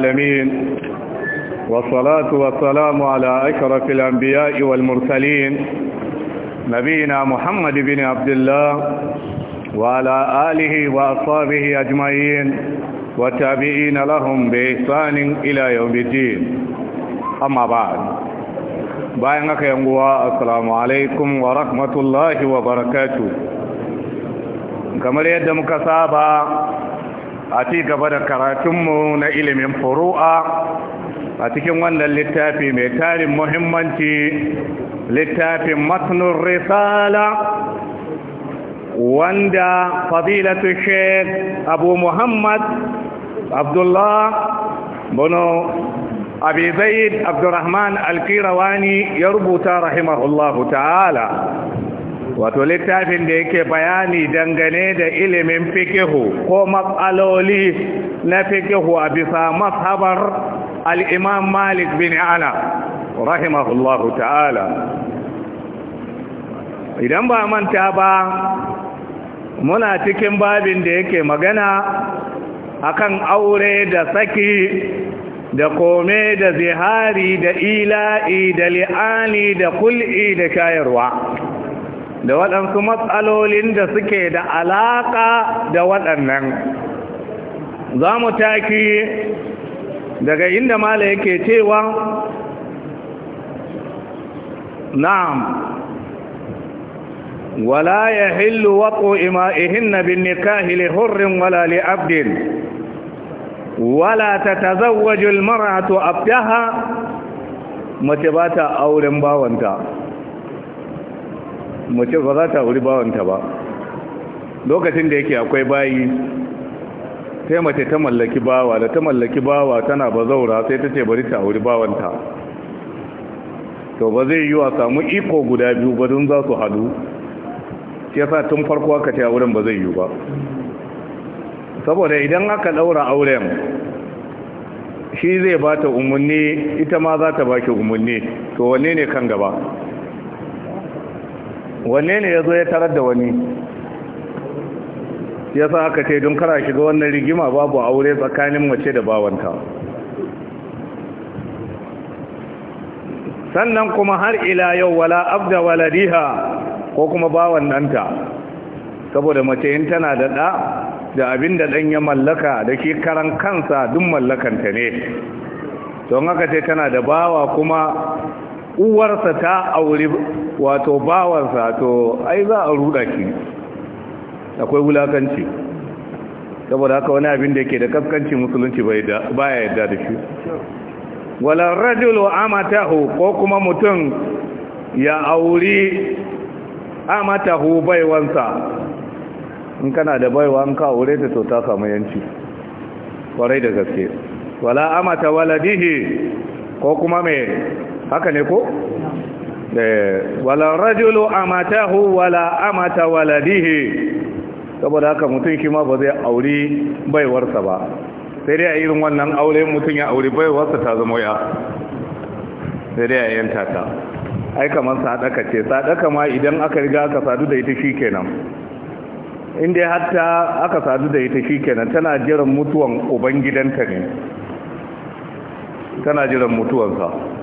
العالمين والصلاة والسلام على أشرف الأنبياء والمرسلين نبينا محمد بن عبد الله وعلى آله وأصحابه أجمعين والتابعين لهم بإحسان إلى يوم الدين أما بعد بأنك ينقوى السلام عليكم ورحمة الله وبركاته كما يدمك سابا ati gaba da karatunmu na ilimin furu'a a cikin wannan littafi mai tarin muhimmanci littafin matnun risala wanda fadilatu sheik abu muhammad abdullah bono abi zaid abdurrahman alkirawani ya rubuta rahimahullahu ta'ala wato littafin da yake bayani dangane da ilimin fikihu ko matsaloli na fikihu a bisa mashabar al'imam malik bin ana rahimahullahu ta'ala idan ba manta ba muna cikin babin da yake magana akan aure da saki da kome da zihari da ila'i da li'ani da kul'i da shayarwa da waɗansu matsalolin da suke da alaƙa da waɗannan za mu taki daga inda Malam yake cewa na'am wala ya hillu waƙo ima'ihin na bin nikahi hurrin wala le abdin wala ta ta zauwa julmara to abdaha mace ba ta auren bawanta mace ba za ta wuri bawanta ba lokacin da yake akwai bayi sai mace ta mallaki bawa da ta mallaki bawa tana ba zaura, sai ta ce bari ta wuri bawanta to ba zai yi wa samu iko guda biyu ba don za su hadu ya sa tun farko aka ce a wurin ba zai yi ba saboda idan aka daura auren shi zai ba ta umarni ita ma za ta ba ki umarni to wanne ne kan gaba wanne ne ya zo ya tarar da wani ya sa haka ce don kara shiga wannan rigima babu aure tsakanin mace da bawanta sannan kuma har ila yau wala abda waladiha ko kuma bawan nanta, saboda mace yin tana da ɗa da abin da ɗan ya mallaka da ke karan kansa dun mallakanta ne don haka ce tana da bawa kuma uwarsa ta aure wato bawansa to ai za a ruda ki akwai wulakanci saboda haka wani abin da yake da kaskanci musulunci baya yadda da shi wala rajulu amatahu ko kuma mutum ya auri amatahu baiwansa in kana da baiwa an ka aure ta to ta samu yanci kwarai da gaske wala amata waladihi ko kuma mai haka ne ko eh, wala rajulu amatahu wala amata waladihi saboda haka mutum shi ma ba zai auri baiwarsa ba sai dai a irin wannan aure mutum ya auri baiwarsa ta zama ya sai dai a yanta ta ai kamar sadaka ce sadaka ma idan aka riga aka sadu da ita shikenan inda hatta aka sadu da ita shikenan tana jiran mutuwan ubangidanta ne tana jiran mutuwansa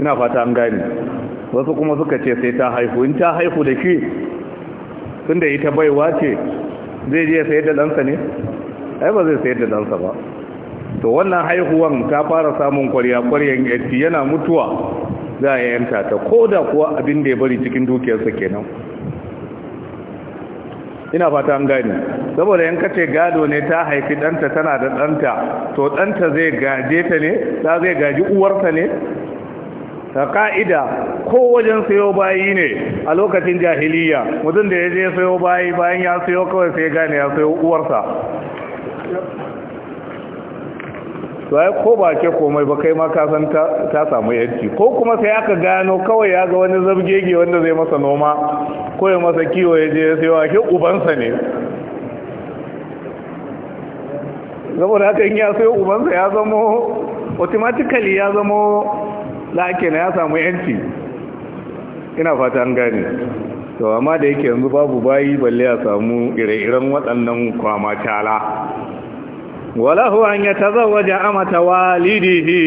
ina fata an gani wasu kuma suka ce sai ta haihu in ta haihu da shi tun da ita baiwa ce zai je sayar da ɗansa ne ai ba zai sayar da ɗansa ba to wannan haihuwan ta fara samun kwarya-kwaryan yanci yana mutuwa za a yanta ta ko da kuwa abin da ya bari cikin dukiyarsa kenan ina fata an gani saboda yan kace gado ne ta haifi ɗanta tana da ɗanta to ɗanta zai gaje ta ne ta zai gaji uwarta ne ta ka'ida ko wajen sayo bayi ne a lokacin jahiliya mutum da ya je sayo bayi bayan ya sayo kawai sai gane ya sayo uwarsa sai ko ba ke komai ba kai ma ka san ta samu yanki ko kuma sai aka gano kawai ya ga wani zabgege wanda zai masa noma ko ya masa kiwo ya je ya wa ake ubansa ne saboda haka in ya sai ubansa ya zamo automatically ya zamo ɗake na ya samu yanci ina fata an gane to amma da yake yanzu babu bayi balle ya samu ire-iren waɗannan kwama tala wala ta an yatazawwaja amata walidihi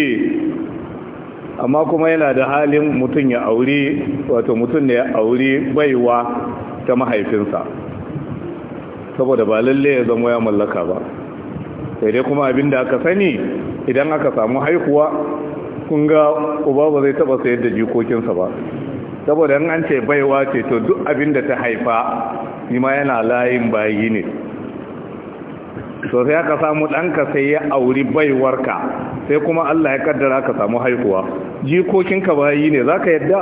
amma kuma yana da halin mutum ya aure wato mutum ne ya aure baiwa ta mahaifinsa saboda ba lalle ya zama ya mallaka ba sai dai kuma da aka sani idan aka samu haihuwa kun ga uba ba zai taba sayar da jikokinsa ba saboda in an ce baiwa ce to duk abin da ta haifa yi ma yana layin bayi ne Sosai aka samu ɗanka sai ya auri baiwarka sai kuma Allah ya kaddara ka samu haihuwa jikokinka bayi ne za ka yadda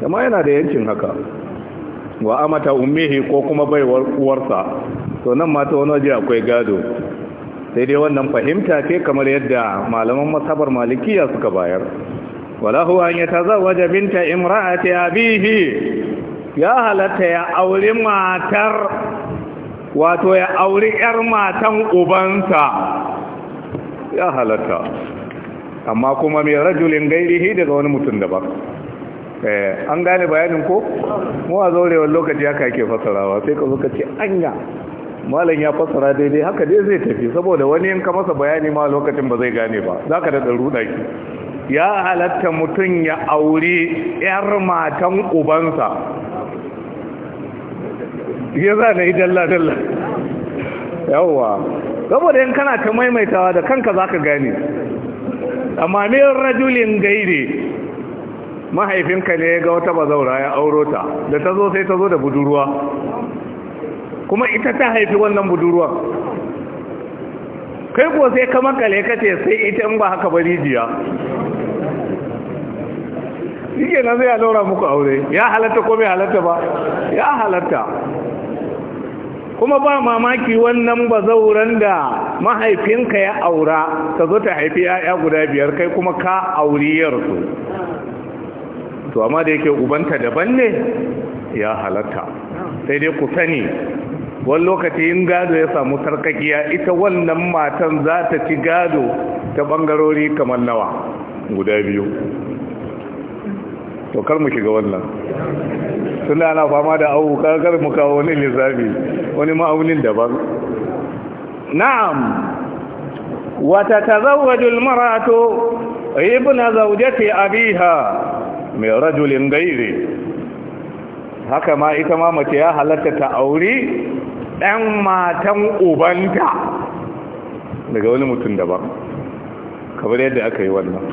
kama yana da yancin haka wa amata ummihi ko kuma baiwar uwarsa to nan mata wani waje akwai gado sai dai wannan fahimta ce kamar yadda malaman masabar malikiya suka bayar wala huwa an yatazawwaja binta imra'ati abihi ya halatta ya auri matar wato ya auri yar matan ubansa ya halatta amma kuma mai rajulin gairihi daga wani mutum da ba? Eh, an gane bayanin ko mu a zaurewar lokaci haka ke fasarawa sai ka zo ka ce anya malam ya fassara daidai haka dai zai tafi saboda wani yanka masa bayani ma lokacin ba zai gane ba za ka daɗa ruɗa ki ya halatta mutum ya auri 'yar matan ubansa ya za na yi dalla-dalla yawwa saboda yin kana ta maimaitawa da kanka za ka gane amma min rajulin gaire mahaifinka ne ya ga wata bazaura ya auro ta da ta zo sai ta zo da budurwa kuma ita ta haifi wannan budurwa kai ko sai ka makale ka ce sai ita in ba haka ba rijiya shike na zai alora muku aure ya halatta ko bai halatta ba ya halatta kuma ba mamaki wannan ba zauren da mahaifinka ya aura ta zo ta haifi ya'ya guda biyar kai kuma ka auriyarsu to amma da yake ubanta daban ne ya halatta sai dai ku sani wani lokaci in gado ya samu sarkakiya ita wannan matan za ta ci gado ta bangarori kamar nawa guda biyu to kar mu shiga wannan da ana fama da abu kakar mu kawo wani lissafi wani ma'aunin daban na'am wata ta tazawwajul maratu ibna zawjati abiha mai rajulin gairi haka ma ita ma mace ya halatta ta aure ɗan matan ubanta daga wani mutum daban kamar yadda aka yi wannan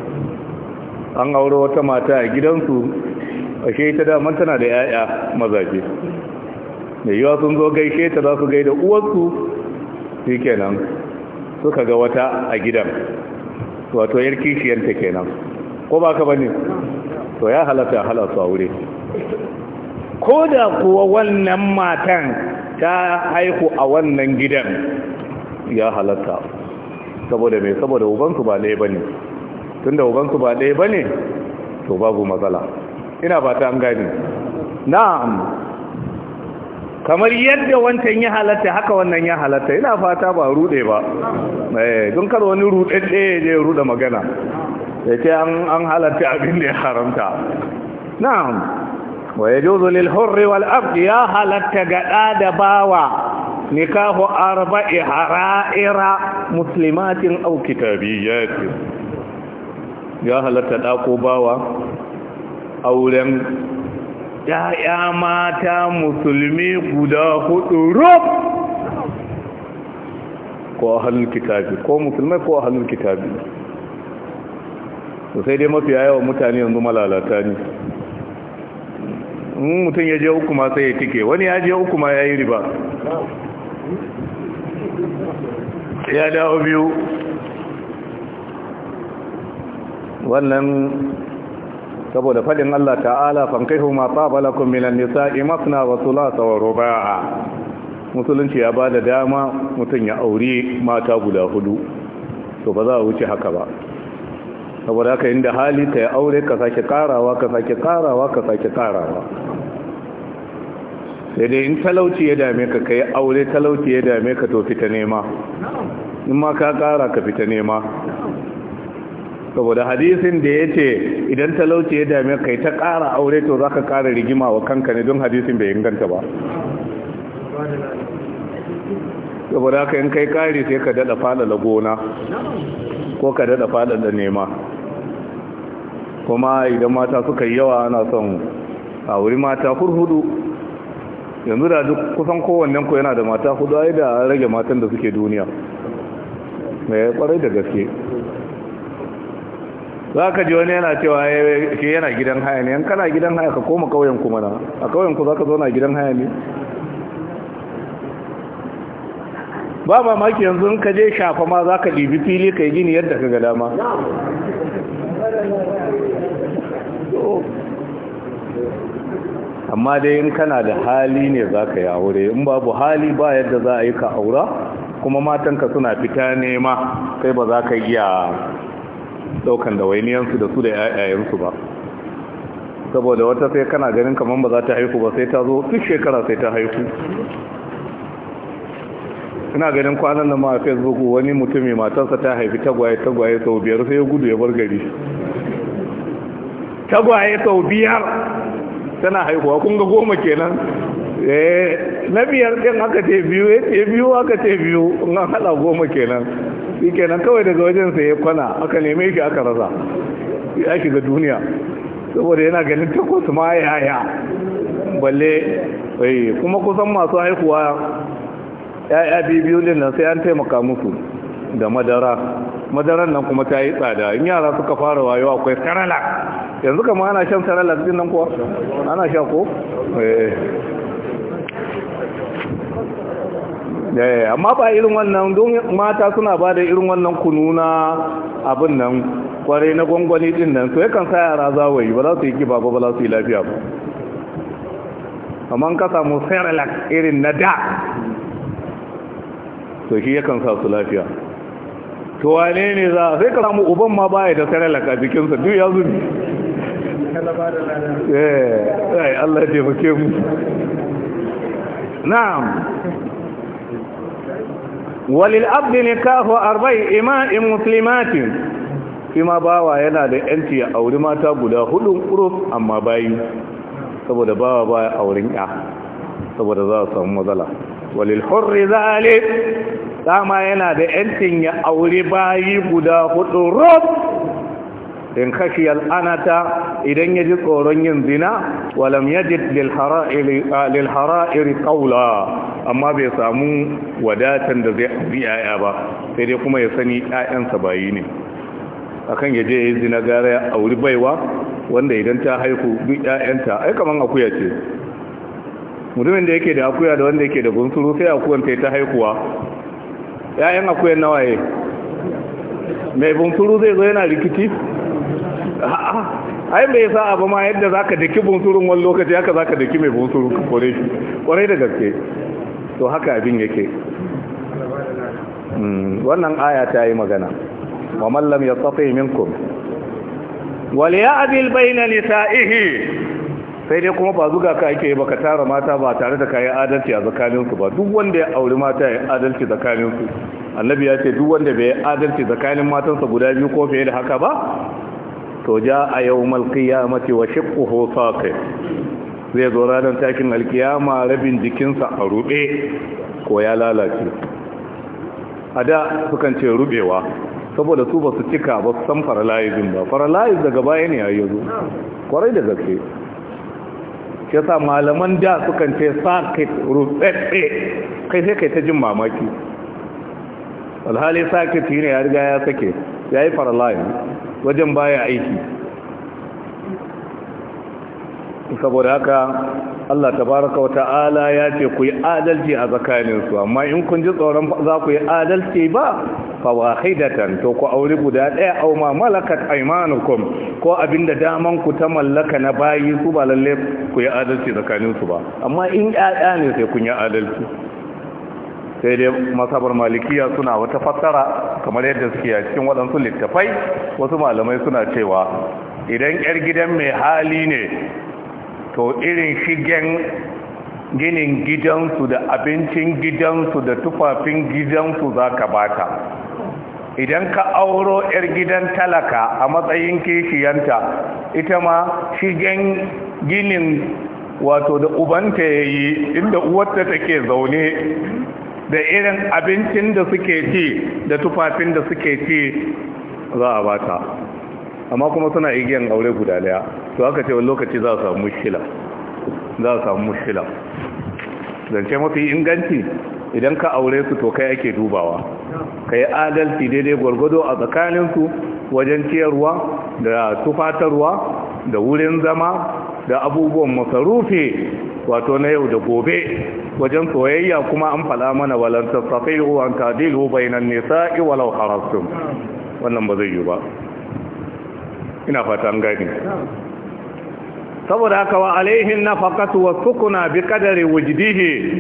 an auro wata mata a gidansu ashe ta daman tana da 'ya'ya mazaje da yiwa sun zo gaishe ta za su gaida uwarsu su kenan suka ga wata a gidan wato yar kishiyarta kenan ko ba ka bane to ya halatta halatta aure ko da kuwa wannan matan ta haihu a wannan gidan ya halatta saboda mai saboda ubansu ba ɗaya ba ne tun da ubansu ba ɗaya ba ne to babu matsala ina ba ta an gani na'am kamar yadda wancan ya halatta haka wannan ya halatta ina fata ba rude ba eh, don kar wani rude ya je rude magana ya ce an halatta abin da ya haramta na'am wa yajuzu lil hurri wal abd ya halatta ga da da bawa nikahu arba'i hara'ira muslimatin aw kitabiyatin ya halatta da ko bawa auren ya ya'ya mata musulmi guda hudu rub ko ahalul kitabi ko musulmai ko ahalul kitabi to sai dai mafi yawa mutane yanzu malalata ne mutum ya je uku ma sai ya tike wani ya je uku ma ya yi riba ya dawo biyu wannan saboda fadin Allah ta'ala fankaihu ma tabalakum minan nisa'i masna wa thulatha wa ruba'a musulunci ya bada dama mutum ya aure mata guda hudu to ba za a wuce haka ba saboda haka inda hali ka yi aure ka sake karawa ka sake karawa ka sake karawa sai dai in talauci ya dame ka ka yi aure talauci ya dame ka to fita nema in ma ka kara ka fita nema saboda hadisin da ya ce idan talauci ya dame kai ta kara aure to za ka kara rigima wa kanka ne don hadisin bai inganta ba saboda haka yin kai kari sai ka daɗa faɗaɗa gona ko ka daɗa faɗaɗa nema kuma idan mata suka yi yawa ana son a wuri mata hudu yanzu da duk kusan kowannen ku yana da mata hudu ai da rage matan da suke duniya mai kwarai da gaske za ka ji wani yana cewa ke yana gidan haya ne yan kana gidan haya ka koma kauyen ku mana a kauyen ku za ka zauna gidan haya ne ba ba maki yanzu in ka je shafa ma za ka ɗibi fili ka yi gini yadda ka ga dama amma dai in kana da hali ne za ka yi aure in babu hali ba yadda za a yi ka aura kuma matanka suna fita nema kai ba za ka iya daukan da wainiyansu da su da yayayensu ba saboda wata sai kana ganin kamar ba za ta haihu ba sai ta zo duk shekara sai ta haihu ina ganin kwanan nan ma a facebook wani mutum mai matarsa ta haifi tagwaye tagwaye sau biyar sai ya gudu ya bar gari tagwaye sau biyar tana haihuwa kun ga goma kenan eh na biyar din aka ce biyu ya ce biyu aka ce biyu in an hada goma kenan shi kenan kawai daga wajen sa ya kwana aka neme shi aka rasa ya shiga duniya saboda yana ganin takwas ma yaya balle eh, kuma kusan masu haihuwa ya'ya biyu din nan sai an taimaka musu da madara madaran nan kuma ta yi tsada in yara suka fara wayo akwai sarala yanzu kama ana shan sarala din nan kuwa ana sha ko eh. Eh, amma ba irin wannan don mata suna ba da irin wannan kunu na abin nan kwarai na gwangwani din nan to yakan sa yara zawayi ba za su yi kiba ba ba za su yi lafiya ba amma ka samu sarala irin na da to shi yakan sa su lafiya to wane ne za sai ka samu uban ma baya da saralak jikin jikinsa duk ya zubi eh Allah ya taimake mu na'am walil abdi nikahu arba'i ima'in muslimatin fi ma bawa yana da yanci ya auri mata guda hudun uru, amma bayi saboda bawa baya auren ya saboda za a samu matsala walil hurri dama yana da yancin ya auri bayi guda hudu rob din kashi al'anata idan ya ji tsoron yin zina walam yajid lil hara'iri amma bai samu wadatan da zai abi yaya ba sai dai kuma ya sani 'ya'yansa bayi ne akan yaje yayi zina gara ya auri baiwa wanda idan ta haihu duk 'ya'yanta ai kamar akuya ce mutumin da yake da akuya da wanda yake da gunsuru sai akuyan ta haihuwa Ya'yan akuyan nawaye mai gunsuru zai zo yana rikici ai mai sa abu ma yadda za ka daki gunsurun wani lokaci haka za ka daki mai gunsuru ka kore shi kwarai da gaske to haka abin yake hmm, wannan aya ta yi magana wa mallam ya tsafi minkum wal abil bayna nisa'ihi sai dai kuma ba zuga ka ake baka tara mata ba tare da kayan adalci a zakaninsu ba duk wanda ya auri mata ya adalci zakaninsu. annabi ya ce duk wanda bai adalci zakanin matansa guda biyu ko fiye da haka ba to ja a yau malkiya mace wa shiqquhu saqi zai zo ranar takin alkiyama rabin jikinsa a rube ko ya lalace a da sukan ce rubewa saboda su ba su cika ba su san paralyzing ba paralyze daga baya ne a yi zo kwarai da gaske yasa malaman da sukan ce socket rutsetse kai sai kai ta jin mamaki alhali socket ne ya riga ya sake yayi paralyze wajen baya aiki saboda haka Allah tabaraka wa ta'ala ya ce ku yi adalci a tsakaninsu amma in kun ji tsoron za ku yi adalci ba fa haidatan, to ku auri guda ɗaya aw ma malakat ko abinda daman ku ta mallaka na bayi su ba lalle ku yi adalci tsakaninsu ba amma in ƴaƴa ne sai kun yi adalci sai dai masabar malikiya suna wata fassara kamar yadda suke a cikin waɗansu littafai wasu malamai suna cewa idan 'yar gidan mai hali ne to irin shigen ginin gidansu da abincin gidansu da tufafin gidansu za ka bata idan ka auro 'yar gidan talaka a matsayin kishiyanta ita ma shigen ginin wato da ubanta ya yi inda uwarta take zaune da irin abincin da suke ci da tufafin da suke ci za a bata amma kuma suna igiyan aure guda daya to aka ce wani lokaci za a samu mushkila za a samu mushkila zance mafi inganci idan ka aure su to kai ake dubawa kai adalci daidai gwargwado a tsakaninsu wajen ciyarwa da tufatarwa da wurin zama da abubuwan masarufi wato na yau da gobe wajen soyayya kuma an fada mana walantar safai ruwan tadilu bainan nisa walau harastun wannan ba zai yi ba ina fata an gani saboda haka wa alaihin fakatu, wa sukuna bi qadari wujdihi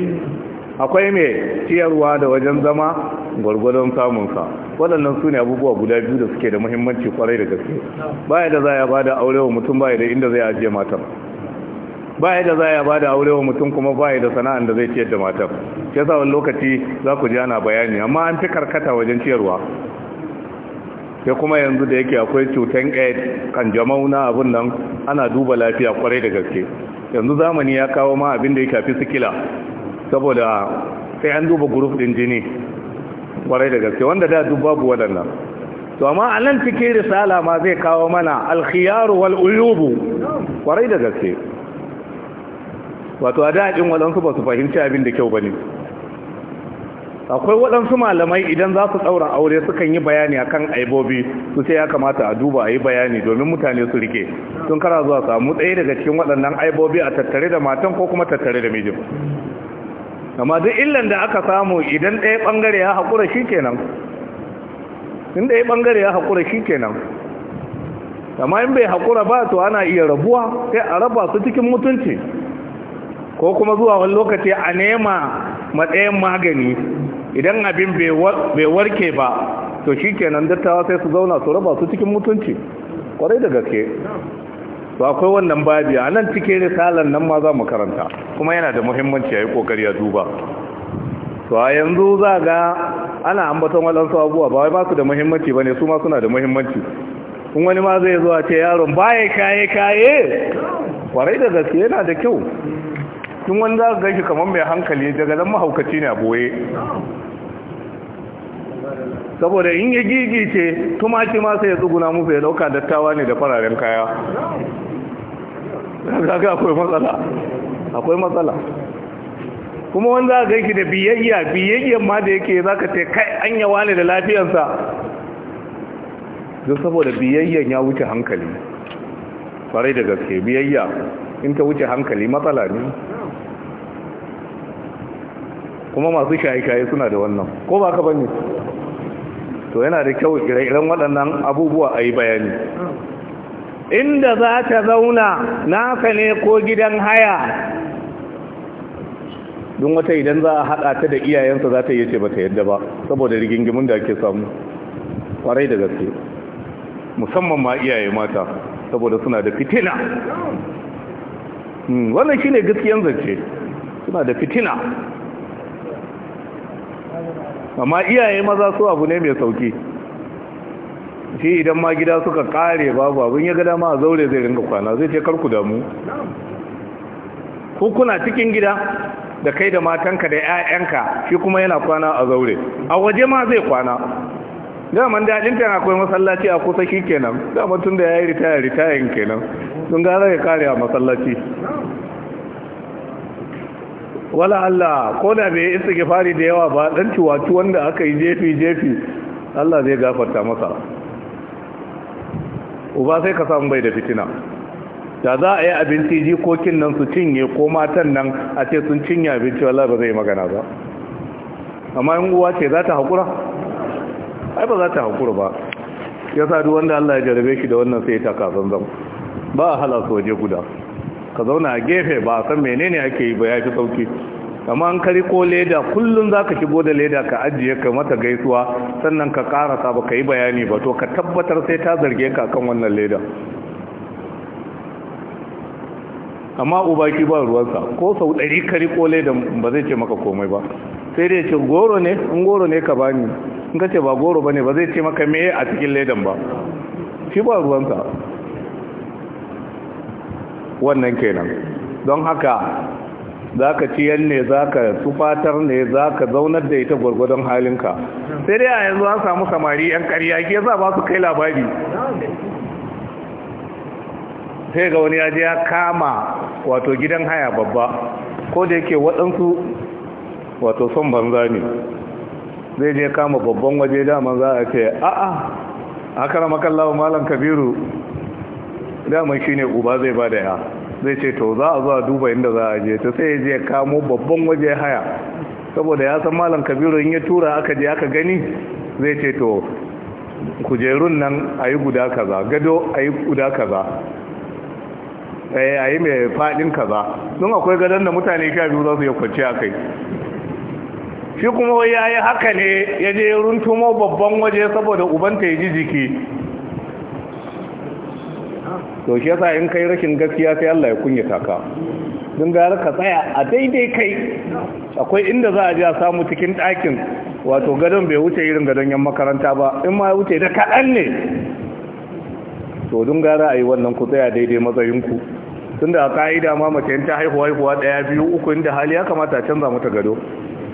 akwai mai ciyarwa da wajen zama gwargwadon samunsa waɗannan su ne abubuwa guda biyu da suke da muhimmanci kwarai da gaske baya da za ya ba da aure wa mutum baya da inda zai ajiye matar baya da za ya ba da aure wa mutum kuma baya da sana'an da zai ciyar da matar shi yasa wani lokaci za ku ji ana bayani amma an fi karkata wajen ciyarwa sai kuma yanzu da yake akwai cutan aid jama'u na abin nan ana duba lafiya kwarai da gaske yanzu zamani ya kawo ma abin da ya kafi sikila saboda sai an duba group din jini kwarai da gaske wanda da duba bu waɗannan to amma a nan cikin risala ma zai kawo mana alkhiyaru wal uyubu kwarai da gaske wato a da'in wadansu ba su fahimci abin da kyau ba ne akwai waɗansu malamai idan za su ɗaura aure sukan yi bayani akan aibobi su sai ya kamata a duba a yi bayani domin mutane su rike sun kara zuwa samu ɗaya daga cikin waɗannan aibobi a tattare da matan ko kuma tattare da mijin amma duk illan da aka samu idan ɗaya ɓangare ya haƙura shi kenan in ɗaya ɓangare ya haƙura shi kenan amma in bai haƙura ba to ana iya rabuwa sai a raba su cikin mutunci ko kuma zuwa wani lokaci a nema matsayin magani idan abin bai warke ba to shi kenan dattawa sai su zauna su raba su cikin mutunci kwarai da gaske to akwai wannan babi a nan cikin risalar nan ma za mu karanta kuma yana da muhimmanci ya yi kokari a duba to a yanzu za ga ana ambaton waɗansu abubuwa ba wai ba su da muhimmanci ba ne su ma suna da muhimmanci Kun wani ma zai zuwa ce yaron baya kaye kaye kwarai da gaske yana da kyau in wani za ka gashi kamar mai hankali daga zan mahaukaci ne a boye saboda in ya ce tumaki ma sai ya tsuguna musu ya dauka dattawa ne da fararen kaya kaga akwai matsala akwai matsala kuma wani za gaiki da biyayya biyayyan ma da yake za ka ce kai an yawa ne da lafiyansa don saboda biyayyan ya wuce hankali farai da gaske biyayya in ta wuce hankali matsala ne kuma masu shaye-shaye suna da wannan ko ba ka bane to yana da kyau ire-iren waɗannan abubuwa a yi bayani inda za ta zauna naka ne ko gidan haya don wata idan za a haɗa ta da iyayensa za ta yi ce ba ta yadda ba saboda rigingimin da ake samu ƙwarai da gaske musamman ma iyaye mata saboda suna da fitina hmm, wannan shine gaskiyan zance suna da fitina amma iyaye maza su abu ne mai sauki shi idan ma gida suka kare babu abin ya gada ma a zaure zai ringa kwana zai ce karku damu ku kuna cikin gida da kai da matanka da 'ya'yanka shi kuma yana kwana a zaure a waje ma zai kwana daman daɗin ta akwai masallaci a kusa shi kenan daman tun da ya yi ritaya ritayen kenan sun gara ya kare a masallaci wala Allah ko da bai istighfari da yawa ba dan wato wanda aka yi jefi jefi Allah zai gafarta masa uba sai ka samu bai da fitina da za a yi abinci jikokin nan su cinye ko matan nan a ce sun cinye abinci wallahi ba zai magana ba amma in uwa ce za ta haƙura ai ba za ta haƙura ba ya sa duk wanda Allah ya jarabe shi da wannan sai ta kasan zan ba a halarsa waje guda ka zauna a gefe ba san menene ake yi ba ya fi sauki amma an kari ko leda kullum za ka shigo da leda ka ajiye ka mata gaisuwa sannan ka karasa ba ka yi bayani ba to ka tabbatar sai ta zarge ka kan wannan leda amma ubaki ba ruwansa ko sau ɗari kari ko leda ba zai ce maka komai ba sai dai ce goro ne in goro ne ka bani in ka ce ba goro ba ne ba zai ce maka me a cikin ledan ba shi ba ruwansa wannan kenan don haka za ka ciyar ne za ka tufatar ne za ka zaunar da ita gwargwadon halinka sai dai a yanzu an samu samari 'yan karya ke za ba su kai labari sai ga wani yaji ya kama wato gidan haya babba ko da yake waɗansu wato son banza ne zai je kama babban waje dama za a ce a'a a kara makallawa malam kabiru daman shi ne uba zai ba da ya zai ce to za a zuwa duba inda za a je ta sai ya je kamo babban waje haya saboda ya san malam kabiru in ya tura aka je aka gani zai ce to kujerun nan a yi guda kaza gado a yi guda kaza eh, a yi mai faɗin kaza don akwai gadon da mutane sha biyu za su yi kwanci a kai shi kuma ya yi haka ne ya je runtumo babban waje saboda ubanta ya ji jiki to shi yasa in kai rashin gaskiya sai Allah ya kunyata ka don gara ka tsaya a daidai kai akwai inda za a ji a samu cikin ɗakin wato gadon bai wuce irin gadon yan makaranta ba in ma ya wuce da kaɗan ne to don gara a yi wannan ku tsaya daidai ku tunda a ka'ida ma mace ta haihuwa haihuwa ɗaya biyu uku inda hali ya kamata a canza mata gado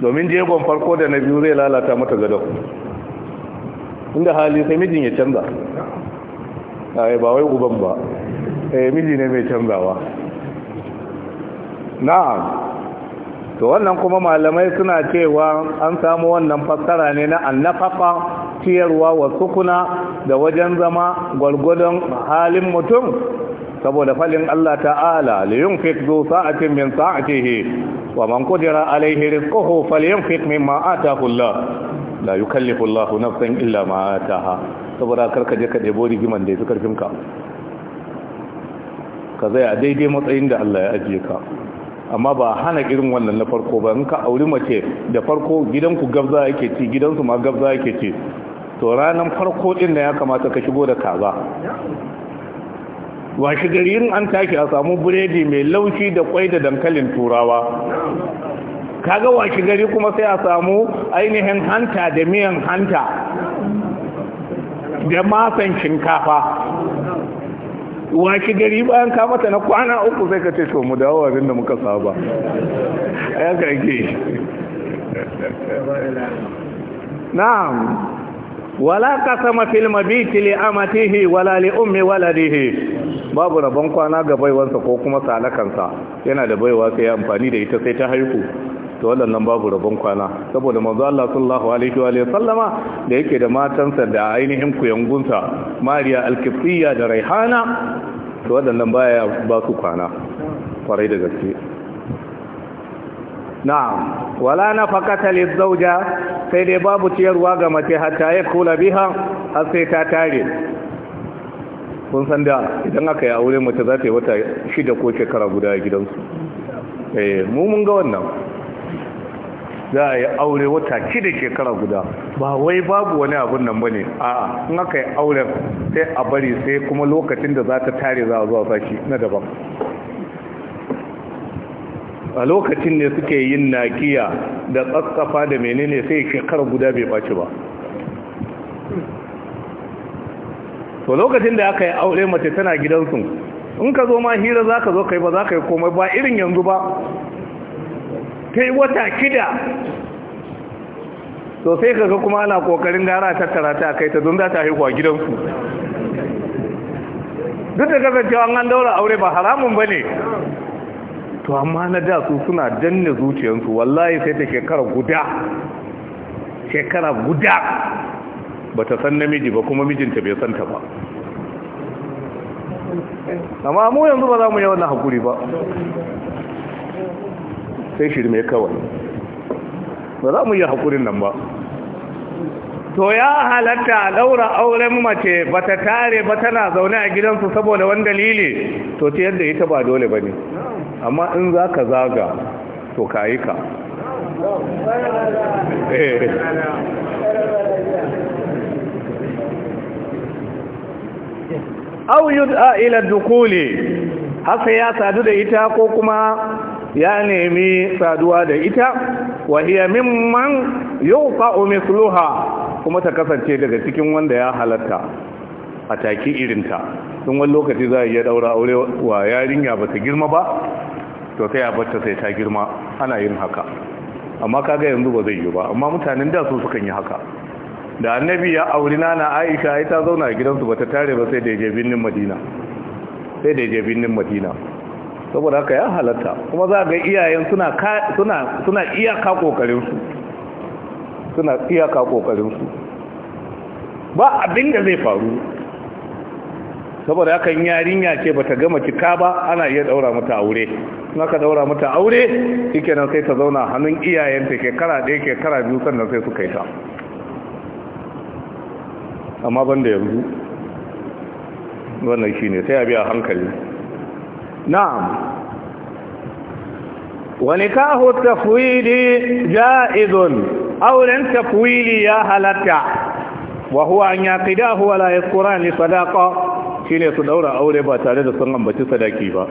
domin jegon farko da na biyu zai lalata mata gado. inda hali sai mijin ya canza ba wai uban ba eh miji ne mai canzawa na'am to wannan kuma malamai suna cewa an samu wannan fassara ne na annafafa ciyarwa wa sukuna da wajen zama gwargwadon halin mutum saboda falin Allah ta'ala li yunfiq zu sa'atin min sa'atihi wa man qadira alayhi rizquhu falyunfiq mimma ataahu Allah la yukallifu Allah nafsan illa ma ataaha saboda karka je ka debo rigiman da karfin ka. ka zai a daidai matsayin da Allah ya ajiye ka amma ba hana irin wannan na farko ba in ka auri mace da farko gidanku gabza yake ci gidansu ma gabza yake ci to ranar farko din da ya kamata ka shigo da kaza shi gari in an tashi a samu buredi mai laushi da kwai da dankalin turawa kaga shi gari kuma sai a samu ainihin hanta da miyan hanta da masan shinkafa waki gari bayan ka mata na kwana uku sai ka ce to mu dawo abin da muka saba a ka ake na'am wala kasama fil mabiti li amatihi wala li ummi waladihi babu rabon kwana ga baiwansa ko kuma salakansa yana da baiwa sai amfani da ita sai ta haihu to waɗannan babu rabon kwana saboda manzo Allah sallallahu alaihi wa sallama da yake da matansa da ainihin kuyangunsa Mariya al da Raihana to waɗannan baya ba su kwana kwarai da gaske na'am wala nafaqata lizawja sai dai babu ciyarwa ga mace hatta ya kula biha har sai ta tare kun san da idan aka yi aure mace za ta yi wata shida ko shekara guda gidansu eh mu mun ga wannan za a yi aure wata ki da shekara guda ba wai babu wani abun nan bane a'a in aka yi auren sai a bari sai kuma lokacin da za ta tare za a zuwa sashi na daban a lokacin ne suke yin nakiya da tsatsafa da menene sai shekara guda bai baci ba to lokacin da aka yi aure mace tana gidansu in ka zo ma hira za ka zo kai ba za ka yi komai ba irin yanzu ba kai wata kida to sai kaga kuma ana kokarin gara tattara ta kai ta don za ta haihuwa gidansu duk da kasancewa an daura aure ba haramun ba ne to amma na da su suna danne zuciyarsu wallahi sai ta shekara guda shekara guda ba ta san namiji ba kuma mijinta bai santa ba amma mu yanzu ba za mu yi wannan hakuri ba sai shirme kawai ba za mu yi haƙurin nan ba to ya halatta daura auren mace ba ta tare ba tana zaune a gidansu saboda wani dalili to ta yadda ita ba dole ba ne amma in za ka zaga to ka yi ka eh. au yud'a ila dukuli haka ya sadu da ita ko kuma ya nemi saduwa da ita wa hiya mimman yuqa mithluha kuma ta kasance daga cikin wanda ya halarta a taki irinta tun wani lokaci za a iya daura aure wa yarinya ba ta girma ba to sai a bata sai ta girma ana yin haka amma kaga yanzu ba zai yi ba amma mutanen da su sukan yi haka da annabi ya auri nana aisha ita zauna a gidansu bata tare ba sai da ya je binnin madina saboda haka ya halatta kuma za ga iyayen suna iyaka kokarin suna iyaka kokarin ba abin da zai faru saboda hakan yarinya ce bata gama cika ba ana iya daura mata aure suna ka daura mata aure nan sai ta zauna hannun iyayenta shekara ɗaya kara biyu sannan sai su kai ta amma ban da yanzu wannan shine sai a biya hankali نعم ونكاه التفويل جائز لن تفويل يا هلتا وهو أن يقداه ولا يذكران لصداقة shine su daura aure ba tare da sun ambaci sadaki ba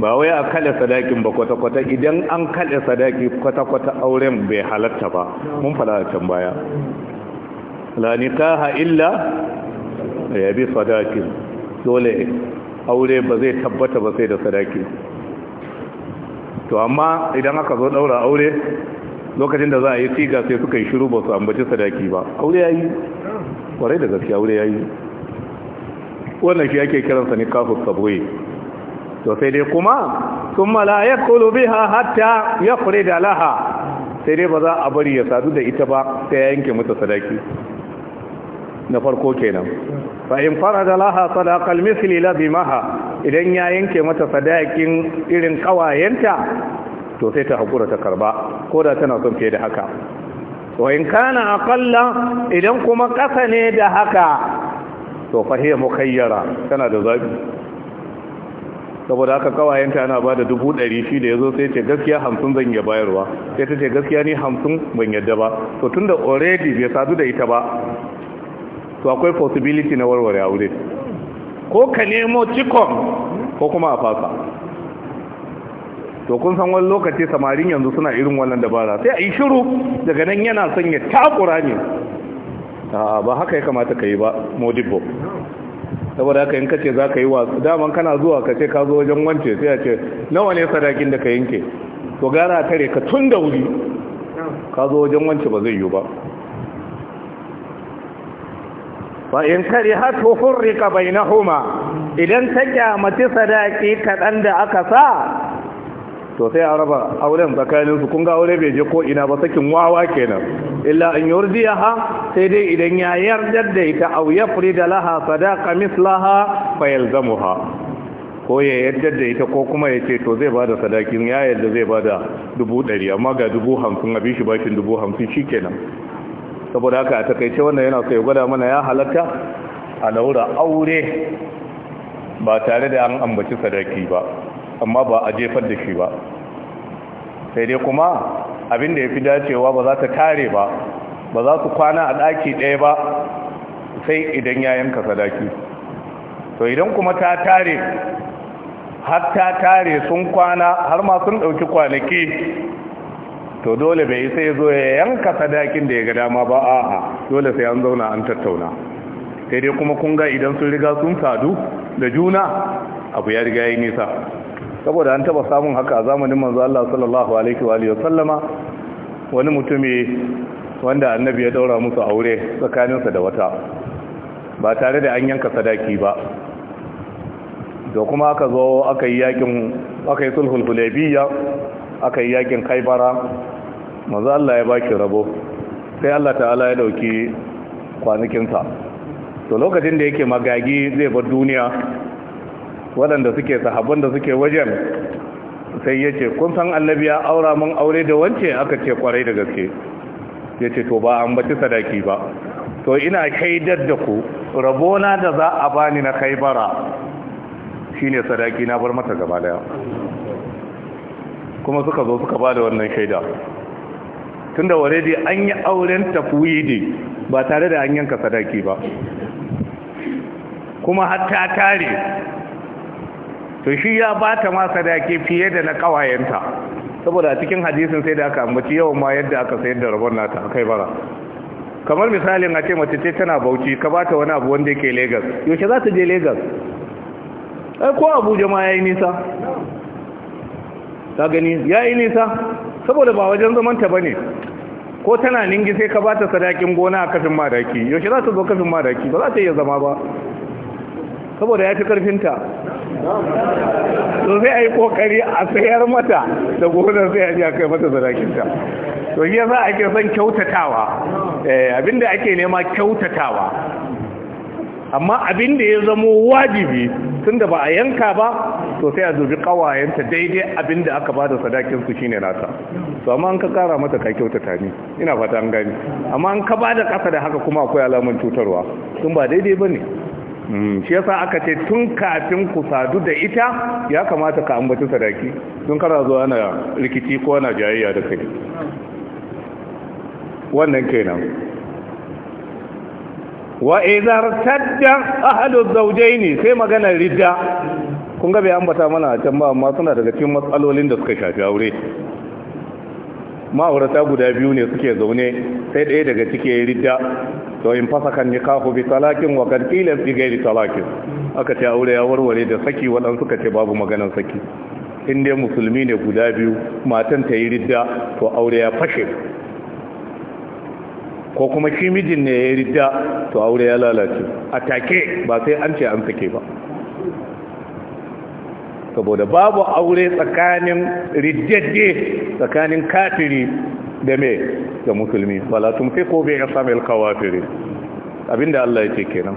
ba wai a kada sadakin ba kwata-kwata idan an kada sadaki kwata-kwata auren bai halatta ba mun fada a can baya la nikaha illa ya bi sadakin dole aure ba zai tabbata ba sai da sadaki to amma idan aka zo daura aure lokacin da za a yi siga sai suka yi shiru ba su ambaci sadaki ba aure yayi kwarai da gaskiya aure yayi wannan shi ake kiransa ne kafu sabwe to sai dai kuma sun mala ya biha hatta ya kure da laha sai dai ba za a bari ya sadu da ita ba sai ya yanke mata sadaki na farko kenan fa in farada laha sadaqal misli lazimaha idan ya yanke mata sadakin irin kawayenta to sai ta hakura ta karba koda tana son fiye da haka wa in kana aqalla idan kuma kasa ne da haka to fa hiya mukayyara tana da zabi saboda haka kawayenta ana ba da dubu ɗari shi da ya zo sai ce gaskiya hamsin zan iya bayarwa sai ta ce gaskiya ni hamsin ban yadda ba to tun da already bai sadu da ita ba to akwai possibility na warware wuri ko ka nemo cikon ko kuma a fasa to kun san wani lokaci samarin yanzu suna irin wannan dabara sai a yi shiru daga nan yana son ya takura ne ba haka ya kamata ka yi ba modibo saboda haka yanka ce za ka yi wa daman kana zuwa ka ce ka zo wajen wance sai a ce nawa ne sadakin da ka yanke to gara tare ka tun da wuri ka zo wajen wance ba zai yi ba fa in bai na huma, idan ta kyamaci sadaki kaɗan da aka sa to sai a raba auren tsakaninsu kun ga aure bai je ko ina ba sakin wawa kenan illa an yurdiya ha sai dai idan ya yarda da ita aw da laha sadaqa mislaha fa yalzamuha ko ya yarda da ita ko kuma ya ce to zai bada sadakin ya yarda zai bada dubu ɗari amma ga dubu hamsin abin shi bakin dubu hamsin shikenan saboda haka a takaice wannan yana so gwada mana ya halatta a laura aure ba tare da an ambaci sadaki ba amma ba a jefar da shi ba sai dai kuma abin da ya fi dacewa ba za ta tare ba ba za su kwana a daki ɗaya ba sai idan ya yanka sadaki to idan kuma ta tare har ta tare sun kwana har ma sun ɗauki kwanaki to dole bai sai zo ya yanka sadakin da ya ga dama ba a'a dole sai an zauna an tattauna sai dai kuma kun ga idan sun riga sun sadu da juna abu ya riga ya nisa saboda an taba samun haka a zamanin manzo Allah sallallahu alaihi wa alihi sallama wani mutumi wanda annabi ya daura musu aure tsakaninsa da wata ba tare da an yanka sadaki ba da kuma aka zo aka yi yakin aka yi sulhul hulabiyya aka yi yakin kaibara maza Allah ya baki rabo sai Allah ta'ala ya dauki kwanakinsa to lokacin da yake magagi zai bar duniya waɗanda suke sahabban da suke wajen sai ya ce kun san annabi ya aura mun aure da wance aka ce kwarai da gaske ya ce to ba an baci sadaki ba to ina shaidar da ku rabona da za a bani na kaibara shine sadaki na bar mata gaba daya kuma suka zo suka ba da wannan shaida tunda dai an yi auren tafuyi ne ba tare da an yanka sadaki ba kuma har ta tare to shi ya ba ta ma sadaki fiye da na kawayenta saboda cikin hadisin sai da aka ambaci yawan ma yadda aka sayar da rabon nata kai bara kamar misalin a ce mace ce tana bauchi ka ba ta wani abu wanda yake Legas. yaushe za ta je Legas? ai ko abuja ma ya yi nisa ka gani ya yi nisa saboda ba wajen zamanta ba ne ko tana ningi sai ka ba ta sadakin gona a kafin madaki yaushe za ta zo kafin madaki ba za ta iya zama ba saboda ya fi karfinta to sai a yi kokari a sayar mata da gonar sai a kai mata sadakinta to shi yasa ake son kyautatawa eh, abinda ake nema kyautatawa amma abinda ya zamo wajibi tun da ba a yanka ba to sai a dubi kawayenta daidai abinda aka bada sadakinsu sadakinsu shine nata to amma an ka kara mata ka kyautata ne ina fata an gani amma an ka bada kasa da haka kuma akwai alamun cutarwa tun ba daidai ba ne hmm, shi yasa aka ce tun kafin ku sadu da ita ya kamata ka ambaci sadaki tun kana zuwa ana rikici ko na jayayya da kai wannan kenan wa idhar tadda ahlu zawjaini sai maganar ridda kun ga bai ambata mana a can ba amma suna daga cikin matsalolin da suka shafi aure ma'aurata guda biyu ne suke zaune sai ɗaya daga cike ridda to in fasa kan nikahu bi talakin wa kan qila bi ghairi talakin aka ce aure ya warware da saki wannan suka ce babu maganar saki in dai musulmi ne guda biyu matan ta yi ridda to aure ya fashe ko kuma shi mijin ne ya yi ridda to aure ya lalace a take ba sai an ce an sake ba saboda babu aure tsakanin riddadde tsakanin kafiri da me da musulmi wala tumsiku bi isamil kawafiri abinda Allah yake kenan